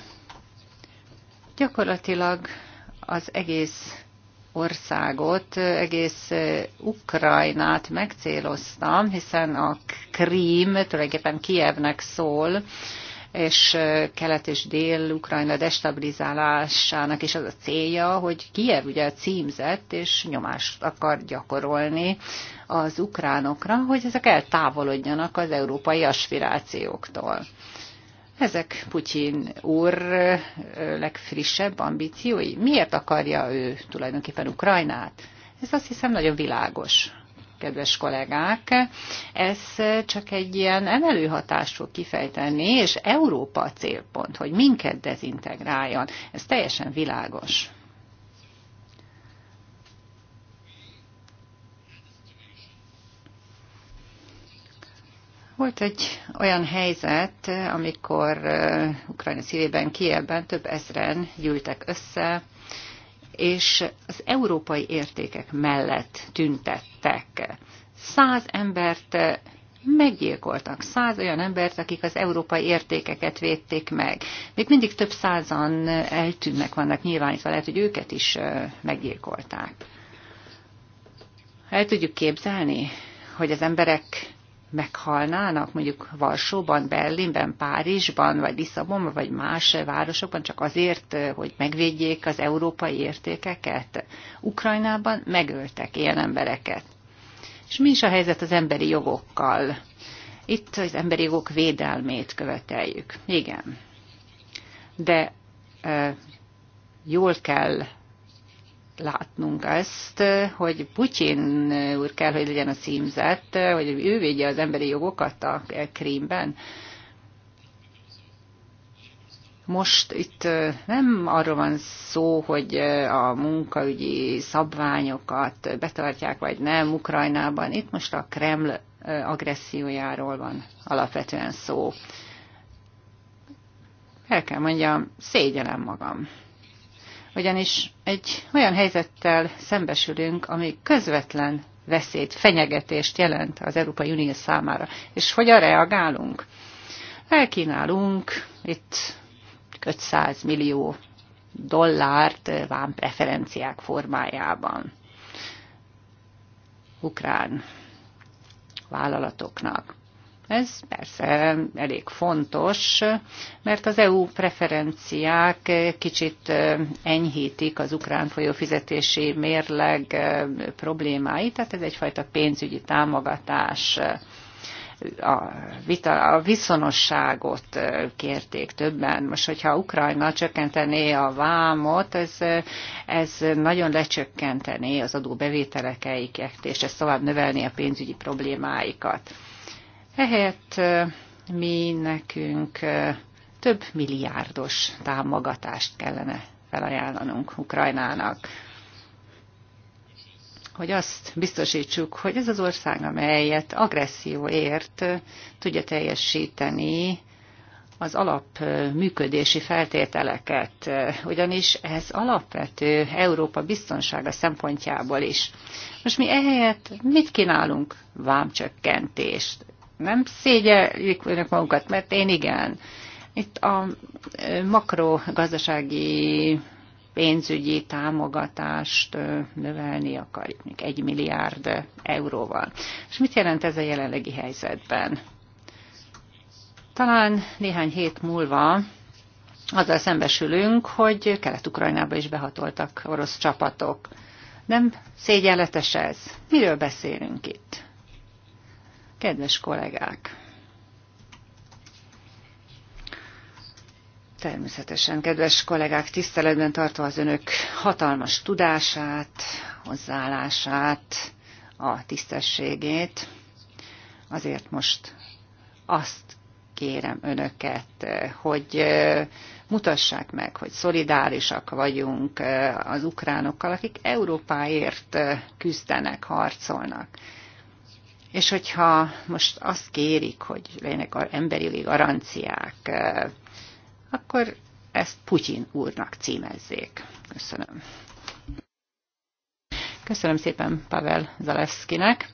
gyakorlatilag az egész országot, egész Ukrajnát megcéloztam, hiszen a Krím tulajdonképpen Kievnek szól, és kelet és dél Ukrajna destabilizálásának is az a célja, hogy Kiev ugye a címzett, és nyomást akar gyakorolni az ukránokra, hogy ezek eltávolodjanak az európai aspirációktól. Ezek Putyin úr legfrissebb ambíciói. Miért akarja ő tulajdonképpen Ukrajnát? Ez azt hiszem nagyon világos kedves kollégák, ez csak egy ilyen emelő hatást fog kifejteni, és Európa a célpont, hogy minket dezintegráljon. Ez teljesen világos. Volt egy olyan helyzet, amikor Ukrajna szívében, Kievben több ezren gyűltek össze, és az európai értékek mellett tüntettek. Száz embert meggyilkoltak. Száz olyan embert, akik az európai értékeket védték meg. Még mindig több százan eltűnnek vannak nyilvánítva, lehet, hogy őket is meggyilkolták. El tudjuk képzelni, hogy az emberek meghalnának mondjuk Varsóban, Berlinben, Párizsban, vagy Lisszabonban, vagy más városokban, csak azért, eh, hogy megvédjék az európai értékeket. Ukrajnában megöltek ilyen embereket. És mi is a helyzet az emberi jogokkal? Itt az emberi jogok védelmét követeljük. Igen. De e, jól kell látnunk ezt, hogy Putyin úr kell, hogy legyen a címzett, hogy ő védje az emberi jogokat a Krímben. Most itt nem arról van szó, hogy a munkaügyi szabványokat betartják, vagy nem Ukrajnában. Itt most a Kreml agressziójáról van alapvetően szó. El kell mondjam, szégyenem magam ugyanis egy olyan helyzettel szembesülünk, ami közvetlen veszélyt, fenyegetést jelent az Európai Unió számára. És hogyan reagálunk? Elkínálunk itt 500 millió dollárt vám preferenciák formájában ukrán vállalatoknak. Ez persze elég fontos, mert az EU preferenciák kicsit enyhítik az ukrán folyófizetési mérleg problémáit, tehát ez egyfajta pénzügyi támogatás a, vita, a viszonosságot kérték többen. Most, hogyha Ukrajna csökkentené a vámot, ez, ez nagyon lecsökkentené az adóbevételekeiket, és ez tovább növelné a pénzügyi problémáikat. Ehelyett mi nekünk több milliárdos támogatást kellene felajánlanunk Ukrajnának, hogy azt biztosítsuk, hogy ez az ország, amelyet agresszióért tudja teljesíteni az alap működési feltételeket, ugyanis ez alapvető Európa biztonsága szempontjából is. Most mi ehelyett mit kínálunk? Vámcsökkentést, nem szégyellik önök magukat, mert én igen. Itt a makrogazdasági pénzügyi támogatást növelni akarjuk, még egy milliárd euróval. És mit jelent ez a jelenlegi helyzetben? Talán néhány hét múlva azzal szembesülünk, hogy Kelet-Ukrajnába is behatoltak orosz csapatok. Nem szégyenletes ez? Miről beszélünk itt? Kedves kollégák! Természetesen, kedves kollégák, tiszteletben tartva az önök hatalmas tudását, hozzáállását, a tisztességét, azért most azt kérem önöket, hogy eh, mutassák meg, hogy szolidárisak vagyunk eh, az ukránokkal, akik Európáért eh, küzdenek, harcolnak. És hogyha most azt kérik, hogy legyenek emberi garanciák, akkor ezt Putyin úrnak címezzék. Köszönöm. Köszönöm szépen Pavel Zaleszkinek.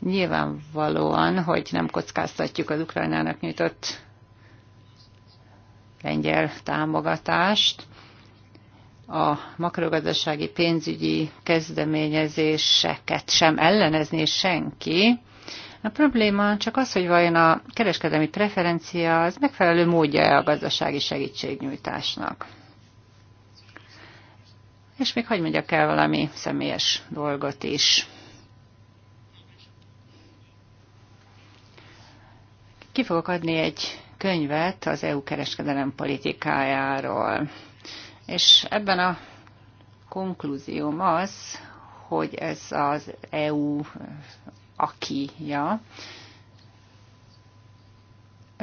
Nyilvánvalóan, hogy nem kockáztatjuk az Ukrajnának nyújtott lengyel támogatást, a makrogazdasági pénzügyi kezdeményezéseket sem ellenezni senki. A probléma csak az, hogy vajon a kereskedelmi preferencia az megfelelő módja a gazdasági segítségnyújtásnak. És még hagyd mondjak el valami személyes dolgot is. Ki fogok adni egy könyvet az EU kereskedelem politikájáról. És ebben a konklúzióm az, hogy ez az EU akija,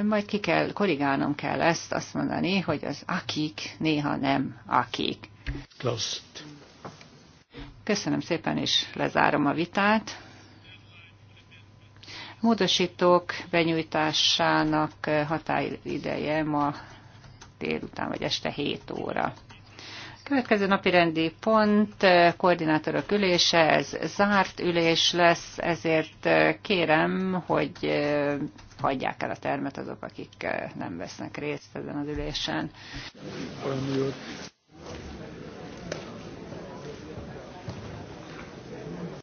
majd ki kell, korrigálnom kell ezt, azt mondani, hogy az akik néha nem akik. Closed. Köszönöm szépen, és lezárom a vitát. módosítók benyújtásának határideje ma délután vagy este 7 óra. Következő napi rendi pont, eh, koordinátorok ülése, ez zárt ülés lesz, ezért eh, kérem, hogy eh, hagyják el a termet azok, akik nem vesznek részt ezen az ülésen.